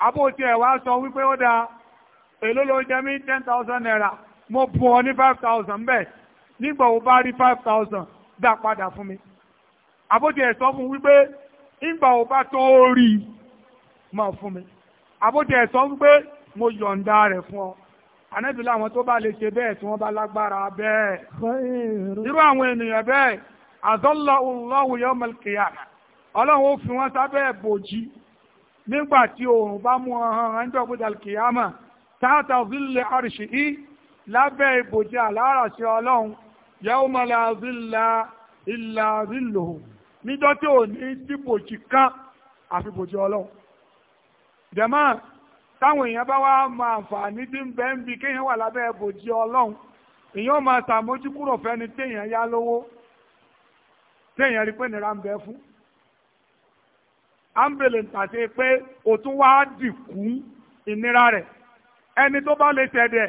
abóòtí ẹ̀wà sọ wípé ó dáa èló ló jẹ́ mí ten thousand naira mo bu ọ ní five thousand bẹ́ẹ̀ nígbà wo bá rí five thousand dá padà fún mi abóòtí ẹ̀ sọ fún wípé nígbà wo bá tó rí máa fún mi abóòtí ẹ̀ sọ wípé mo yọ̀ǹda rẹ̀ fún ọ ànábìlẹ̀ àwọn tó bá lè ṣe bẹ́ẹ̀ tí wọ́n bá lágbára bẹ́ẹ̀ irú àwọn ènìyàn bẹ́ẹ̀ àzọ́lá Allahu yawm al-qiyamah ọlọ́run ó fi wọ́n sábẹ́ bòjì nígbà tí oòrùn bá mú ọ̀hán ránjọ́ gbé al-qiyama táàtà zilli arṣì í lábẹ́ ìbòjì àláràṣẹ ọlọ́run yawma la zilla illa zilluhu níjọ́ tí ò ní síbòjì kan àfi bòjì ọlọ́run jẹ̀mọ́ táwọn èèyàn bá wá mọ àǹfààní tí ń bẹ ń bi kéèyàn wà lábẹ́ ìbòjì ọlọ́run èèyàn téèyàn rí pé nira ń bẹ fún ambulance àti pé o tún wá dìkú ìnira rẹ̀ ẹni tó bá lè tẹ̀dẹ̀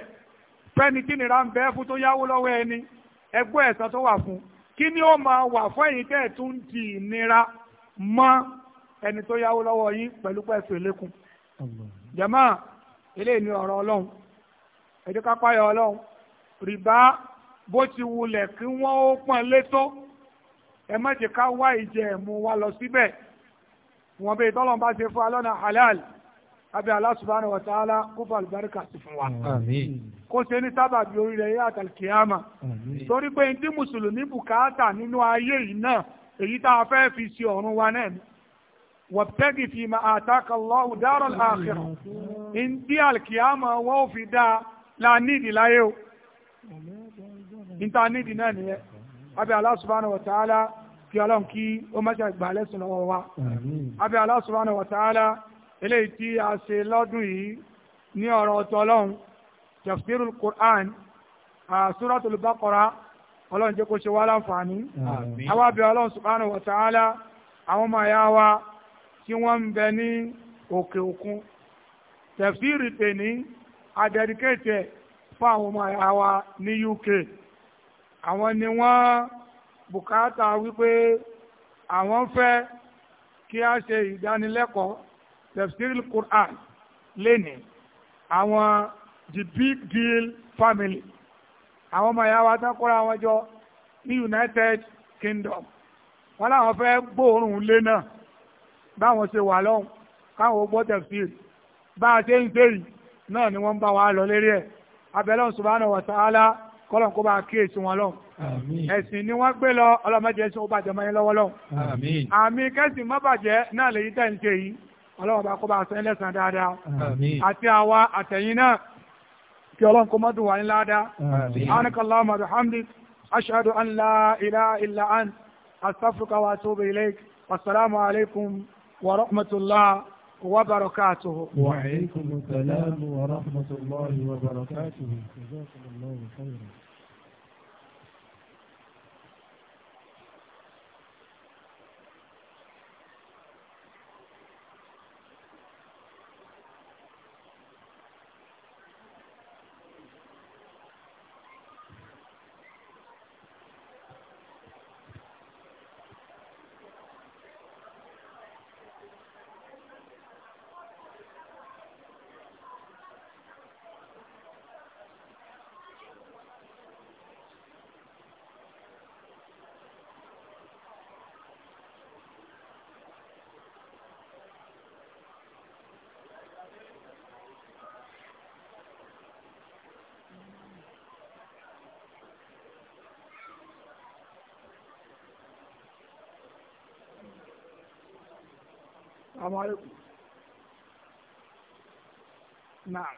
fẹ́ni kí nira ń bẹ fún tó yáwó lọ́wọ́ ẹni ẹgbẹ́ ẹ̀san tó wà fún kí ni ó máa wà fún ẹ̀yin tẹ́ ẹ̀ tún di ìnira mọ́ ẹni tó yáwó lọ́wọ́ yín pẹ̀lú pẹ̀sù ìlékun jàmá eléyìí ni ọ̀rọ̀ ọlọ́run ẹ̀dí kápáyọ̀ ọlọ́run rìbá bó ti wulẹ̀ kí wọ́n ó pọ́n létó ẹ má jẹ́ ká wá ìjẹ ẹ̀mú wa lọ síbẹ̀ wọn bẹ tọ́lọ́n bá ṣe fún alọ́nà halal abẹ́ Allah subhanahu wa ta'ala kó fà àlùbáríkà sí fún wa kó ṣe ní sábàbí oríire yá àtàlùkìyàmà torí pé ndí mùsùlùmí bùkátà nínú ayé yìí náà èyí tá a fẹ́ fi ṣe ọ̀run wa náà ni wabtagi fi ma ataka Allahu daral akhirah ndí àlùkìyàmà wọn ò fi dáa la nídìí láyé o níta nídìí náà nìyẹn abẹ́ Allah subhanahu wa ta'ala kí ọlọ́run kí ó má ṣe àgbà lọ́wọ́ wa abẹ́ Allah subhanahu wa ta'ala eléyìí tí a ṣe lọ́dún yìí ní ọ̀rọ̀ ọ̀tọ̀ ọlọ́run Qur'an suratul Baqara ọlọ́run jẹ́ kó ṣe wá láǹfààní àwa abẹ́ ọlọ́run subhanahu wa ta'ala àwọn ọmọ ẹ̀yà wa tí wọ́n ń bẹ ní òkè òkun tafsiri tèní àdẹ̀díkẹ́tẹ̀ fún àwọn ọmọ ẹ̀yà wa ní UK àwọn ni wọ́n bùkátà wípé àwọn fẹ́ kí a ṣe ìdánilẹ́kọ̀ọ́ tafsiril Qur'an lẹ́nì àwọn the big deal family àwọn ọmọ ìyá wa tán kóra wọn jọ ní United Kingdom wọn làwọn fẹ́ gbóòórùn lé náà báwọn ṣe wà lọ́hùn káwọn gbọ́ tafsir bá a ṣe ń ṣe yìí náà ni wọ́n ń bá wa lọ lérí ẹ̀ abẹ́lẹ́ subhanahu wa ta'ala kọ́lọ̀n kó bá kíyèsí wọn lọ́hùn. ẹ̀sìn ni wọ́n gbé lọ ọlọ́mọdé ẹ̀sìn ó bàjẹ́ mọ́ yín lọ́wọ́ lọ́hùn. àmì kẹ́sìn má bàjẹ́ náà lèyí tẹ̀ ń ṣe yìí ọlọ́wọ́n bá kó bá sọ ẹlẹ́sàn dáadáa. àti àwa àtẹ̀yìn náà kí ọlọ́run kó má dùn ní ládàá. anakallahumma bihamdik ashhadu an la ilaha illa ant astaghfiruka wa atubu ilayk wa rahmatullah. وبركاته وعليكم السلام ورحمة الله وبركاته جزاكم الله خيرا Assalamu alaikum. Naam.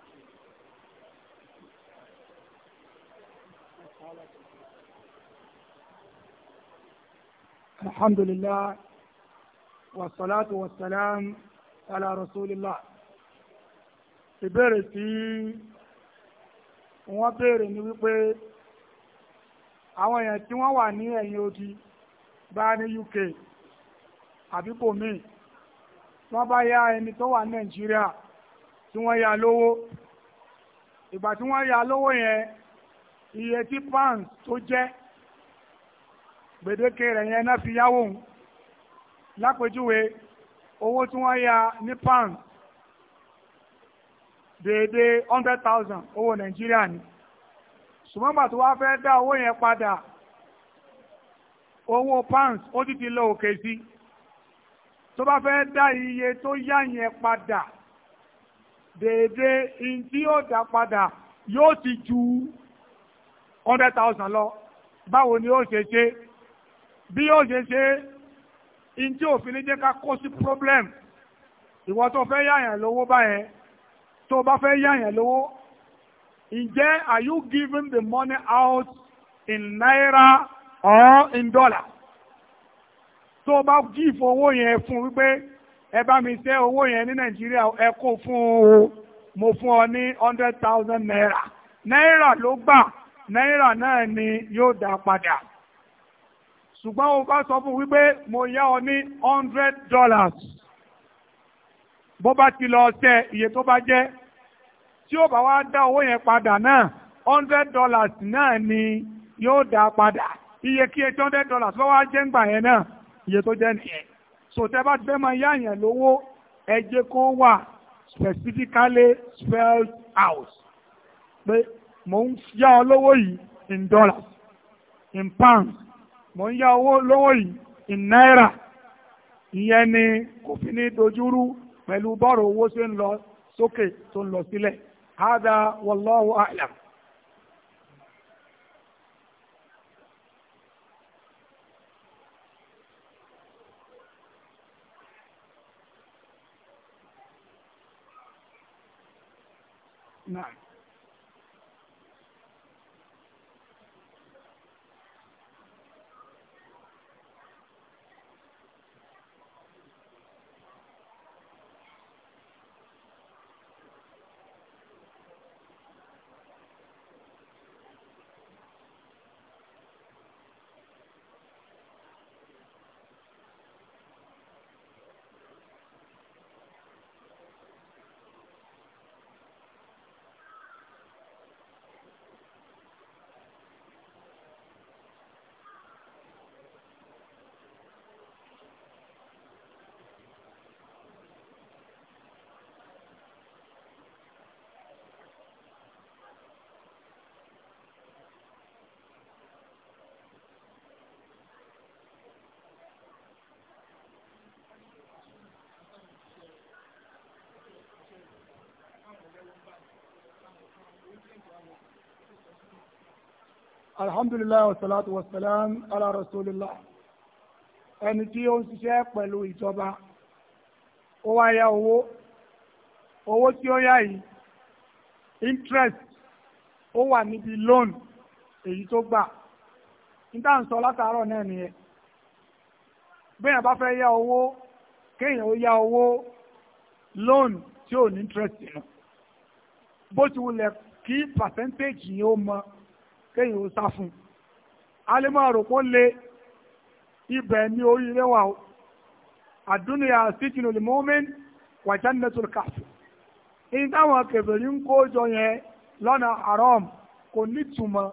الحمد لله والصلاة والسلام على رسول الله ìbéèrè tí wọ́n béèrè ni wípé àwọn èèyàn tí wọ́n wà ní ẹ̀yìn odi bá ní UK àbíkò míì wọ́n bá yá ẹni tó wà ní Nàìjíríà tí wọ́n yá lówó ìgbà tí wọ́n yá lówó yẹn iye tí pounds tó jẹ́ gbèdéke rẹ̀ yẹn náà fi yáwó òun lápèjúwe owó tí wọ́n ya ní pounds déédéé hundred thousand owó nàìjíríà ni ṣùgbọ́n bàtú wá fẹ́ dá owó yẹn padà owó pounds ó ti ti lọ òkè sí tó bá fẹ́ dá iye tó yá yẹn padà déédéé ìdí ó dá padà yóò ti ju hundred thousand lọ báwo ni ó ṣe ṣe bí ó ṣe ṣe in tí òfin ní jẹ́ ká kó sí problem ìwọ tó fẹ́ yáyàn lówó báyẹn tó bá fẹ́ yáyàn lówó ǹjẹ́ are you giving the money out in naira or in dollar tó bá give owó yẹn fún wípé ẹ bá mi ṣe owó yẹn ní nàìjíríà ẹ kó fún o mo fún ọ ní hundred thousand naira naira ló gbà náírà náà ni yóò dá padà ṣùgbọ́n o bá sọ fún wípé mo yá ọ ní hundred dollars bó bá ti lọ ṣe iye tó bá jẹ́ tí ó bá wá dá owó yẹn padà náà hundred dollars náà ni yóò dá padà iye kí eight hundred dollars lọ́wọ́ á jẹ́ ńgbà yẹn náà iye tó jẹ́ nìyẹn sòtẹ́ bá ti fẹ́ máa yá yẹn lówó ẹjẹ́ kó wà specifically spelled out pé mò ń yá ọ yìí in dollars in pounds mò ń yá owó yìí in naira ìyẹn ni kò fi ní dojúrú pẹ̀lú bọ́ọ̀rọ̀ owó ṣe ń lọ sókè tó ń lọ sílẹ̀ hada wallahu a'lam. Nine. alhamdulilayi wasalaatu wasalaam ala rasulillah ẹni tí ó ń ṣiṣẹ́ pẹ̀lú ìjọba ó wá yá owó owó tí ó yá yìí interest ó wà níbi loan èyí tó gbà níta ń sọ látàárọ̀ náà nìyẹn bẹ́ẹ̀ bá fẹ́ yá owó kéèyàn ó yá owó loan tí ò ní interest nù bó ti wulẹ̀ kí percentage yìí ó mọ. kéyìn ó sá fún un alimọ̀ rò kó le ibẹ̀ ni oríire wà ó àdúnyà sijinu limomin wà jannatul káfí ní táwọn kèfèrí ń kó jọ yẹn lọ́nà haram kò nítumọ̀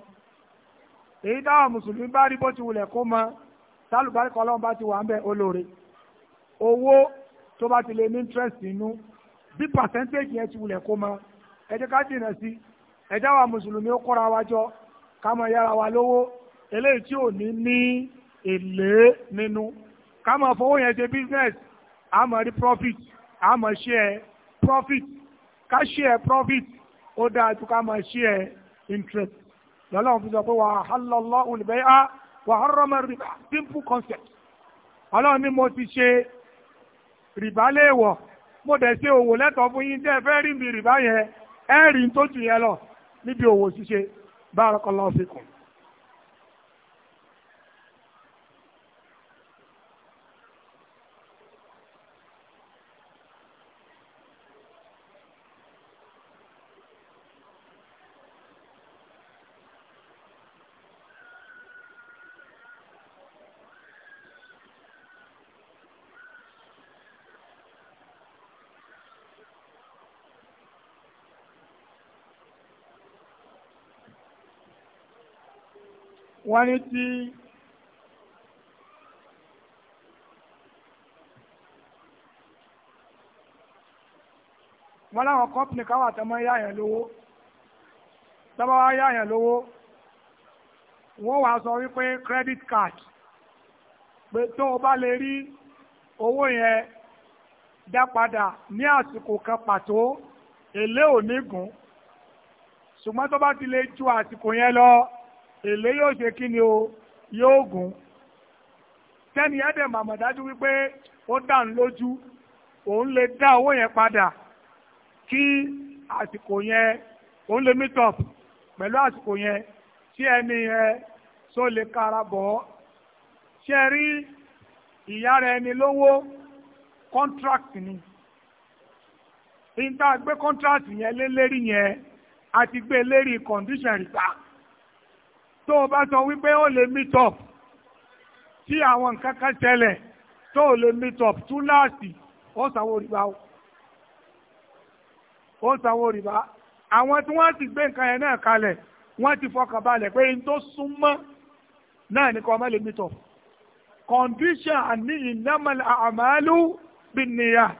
èyí táwọn mùsùlùmí bá rí bó ti wulẹ̀ kó mọ sálùbárí kan ọlọ́run bá ti wà ń bẹ̀ olóore owó tó bá ti lè ní interest inú bí percentage yẹn ti wulẹ̀ kó mọ ẹ ká jìnnà sí ẹ̀dá wa mùsùlùmí ó kóra wa ká máa yára wa lówó eléyìí tí ò ní ní èlé nínú ká máa fowó yẹn ṣe business a máa rí profit a máa share profit ká share profit ó dáa ju ká share interest lọ́lọ́run fi sọ pé wa wa harrama ar-riba simple concept ọlọ́run ni mo ti ṣe rìbá léèwọ̀ mo dẹ̀ ṣe òwò lẹ́tọ̀ọ́ fún yín tẹ́ ẹ fẹ́ rí mi rìbá yẹn ẹ rí n tó jù yẹn lọ níbi òwò ṣíṣe Barakallahu fikum. wọ́n ní tí wọ́n láwọn kọ́pìnì káwà tẹ́ mọ́ yáyàn lówó tọ́bọ́ wá yáyàn lówó wọ́n wá sọ wípé credit card pé tó o bá lè rí owó yẹn dá padà ní àsìkò kan pàtó èlé ò ní gùn ṣùgbọ́n tó bá ti lè ju àsìkò yẹn lọ èlé yóò ṣe kí ni o yóò gùn tẹ́ni ẹ̀dẹ̀ màmọ̀dájú wípé ó dànù ń lójú òun lè dá owó yẹn padà kí àsìkò yẹn òun lè meet up pẹ̀lú àsìkò yẹn tí ẹni yẹn tó lè kara bọ̀ ṣe rí ìyá rẹ ni lówó contract ni nígbà gbé contract yẹn lé lérí yẹn àti gbé e lérí condition rìpá. tó o bá sọ wípé ó lè meet up tí àwọn nǹkan kan tẹ̀lẹ̀ tó o lè meet up túláàsì ó sanwó rìbá o ó sanwó rìbá àwọn tí wọ́n ti gbé nǹkan yẹn náà kalẹ̀ wọ́n ti fọkàn balẹ̀ pé n tó súnmọ́ náà ní kọ́ ọmọ lè meet up condition àní innamal a'malu binniyah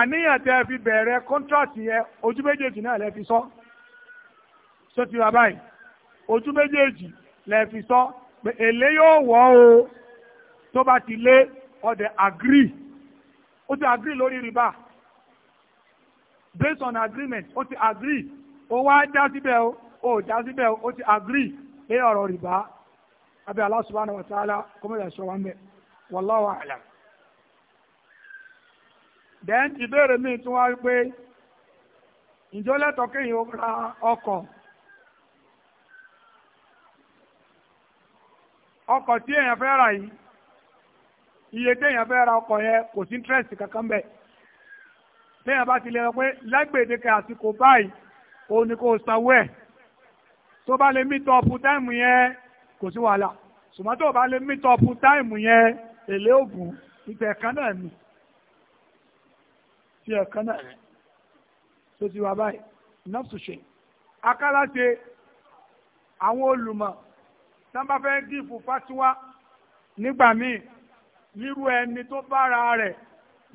àníyàn tẹ́ fi bẹ̀rẹ̀ contract yẹn ojú méjèèjì náà lẹ́ fi sọ sọ ti wà báyìí. ojú méjèèjì lẹ sọ pé èlé yóò wọ́ o tó bá ti lé ọdẹ agree ó ti agree lórí rìbá based on agreement ó ti agree ó wá o ó o ó ti agree lé ọ̀rọ̀ rìbá abẹ́ Allah subhanahu wa ta'ala ṣọ́ wa ń bẹ̀ wallahu a'lam. ìbéèrè mi tún ra ọkọ̀ ọkọ̀ tí èèyàn fẹ́ rà yìí iye téèyàn fẹ́ ra ọkọ̀ yẹn kò sí interest kankan bẹ́ẹ̀ téèyàn bá ti lè rọ pé lágbèdéke àsìkò báyìí òun ni kò sanwó ẹ̀ tó bá lè meet up táìmù yẹn kò sí wàhálà ṣùgbọ́n tó bá lè meet up táìmù yẹn èlé ògùn ìtẹ̀ kan náà ni tí ẹ̀ kan náà rẹ̀ tó ti wà báyìí nọ́ọ̀sù ṣe akálàṣe àwọn olùmọ̀ tán bá fẹ́ gífù fásiwá nígbà míì nírú ẹni tó bára rẹ̀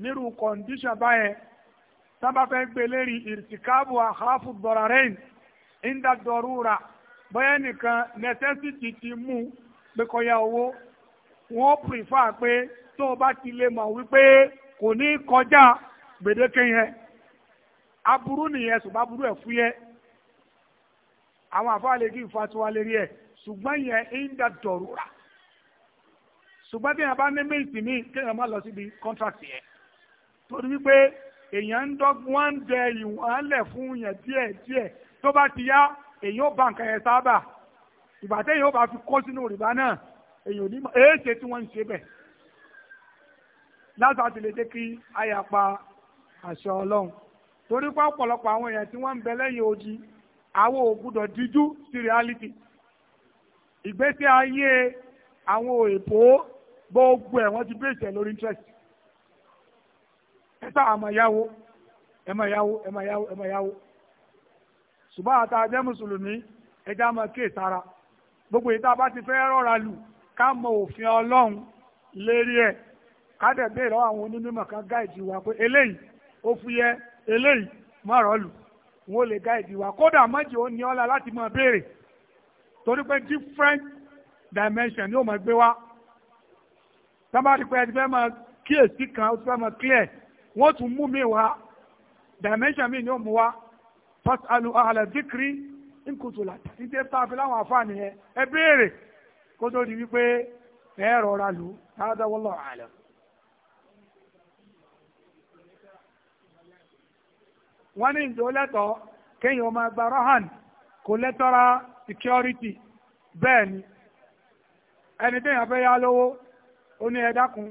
nírú kọ̀ǹdíṣàn báyẹn tán bá fẹ́ gbé lérí ìrìtìkáàbù àháfù dọ̀rọ̀rẹ́yìn ìndà dọ̀rúra bóyá nìkan necessity ti mú pé kọyà owó wọ́n prefer pé tó o bá ti lè mọ̀ wípé kò ní kọjá gbèdéke yẹn aburú nìyẹn ṣùgbọ́n aburú ẹ̀ fúyẹ́ àwọn àfáà lè kí ìfatiwa lérí ẹ̀ ṣùgbọ́n yẹn ń da dọ̀rùrà ṣùgbọ́n tí yẹn bá ní méjì míì kéèyàn má lọ síbi contract yẹn torí wípé èèyàn ń dọ́gbọ́n ń dẹ ìwọ̀n lẹ̀ fún yẹn díẹ̀ díẹ̀ tó bá ti yá èèyàn ó bá nǹkan yẹn sábà ìgbà téèyàn ó bá fi kó sínú rìbá náà èèyàn ò ní mọ èéṣe tí wọ́n ń ṣe bẹ̀ láti àti lè jẹ́ kí àyà pa àṣẹ ọlọ́run torí pé ọ̀pọ̀lọpọ̀ àwọn èèyàn tí wọ́n ń bẹ lẹ́yìn odi àwọn ò díjú sí reality. ìgbésí ayé àwọn òyìnbó gbogbo ẹ̀ wọ́n ti bíríṣì ẹ̀ lórí interest ẹ sáà máa yáwó ẹ máa yáwó ẹ máa yáwó ẹ máa yáwó gbogbo ìta bá ti fẹ́ rọra lù ká mọ òfin ọlọ́run lérí ẹ̀ ká dẹ̀ béèrè lọ́wọ́ àwọn onímọ̀ kan gáìdì wa pé eléyìí ó fúyẹ́ eléyìí mọ̀rọ̀ lù wọn wa kódà mọ́jì ó ní láti torí pé different dimension yóò máa gbé wá tábàdì pé ẹni fẹ́ máa kan ó fẹ́ máa clear mi wá dimension mi ni ó wá first alu zikiri nkutu títí láwọn àfààní yẹn ẹ béèrè kó tó di wípé ẹ rọra lù security bẹ́ẹ̀ ni ẹni tẹ́yàn fẹ́ yá lówó ó ní ẹ dákun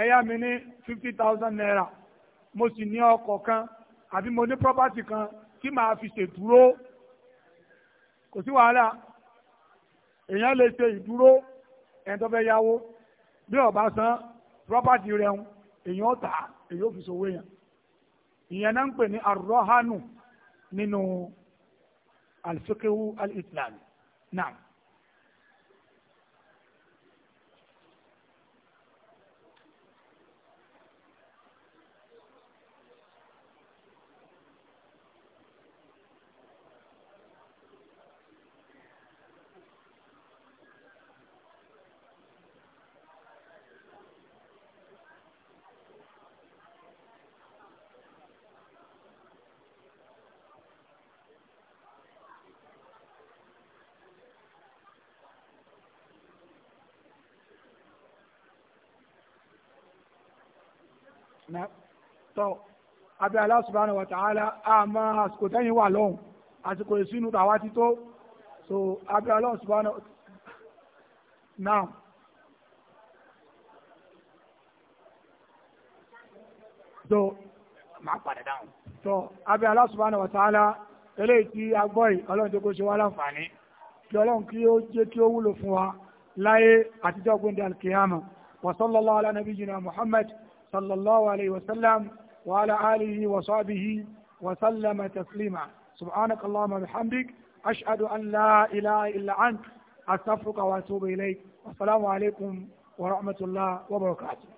ẹ mi ní fifty thousand naira mo sì ní ọkọ̀ kan àbí mo ní property kan tí màá fi ṣèdúró kò sí wàhálà èèyàn lè ṣe ìdúró ẹni tó fẹ́ yáwó bí ó bá san property rẹ̀ ń èèyàn tà èèyàn ò fi ṣòwò èèyàn ìyẹn náà ń pè ní àròhánù nínú الفقه الإسلامي نعم abẹ́ Allah subhanahu wa ta'ala àmọ́ àsìkò tẹ́yìn wà lọ́hùn àsìkò ìsínú tàwa ti tó so abẹ́ Allah subhanahu now so máa padà dáhùn so abẹ́ Allah subhanahu wa ta'ala eléyìí tí a gbọ́ yìí ọlọ́run tó kó ṣe wá láǹfààní kí ọlọ́run kí ó jẹ́ kí ó wúlò fún wa láyé àtijọ́ gbóndé alkiyama wa sallallahu ala nabiyyina muhammad sallallahu alayhi wa sallam وعلى آله وصحبه وسلم تسليما سبحانك اللهم وبحمدك أشهد أن لا إله إلا أنت أستغفرك وأتوب إليك والسلام عليكم ورحمة الله وبركاته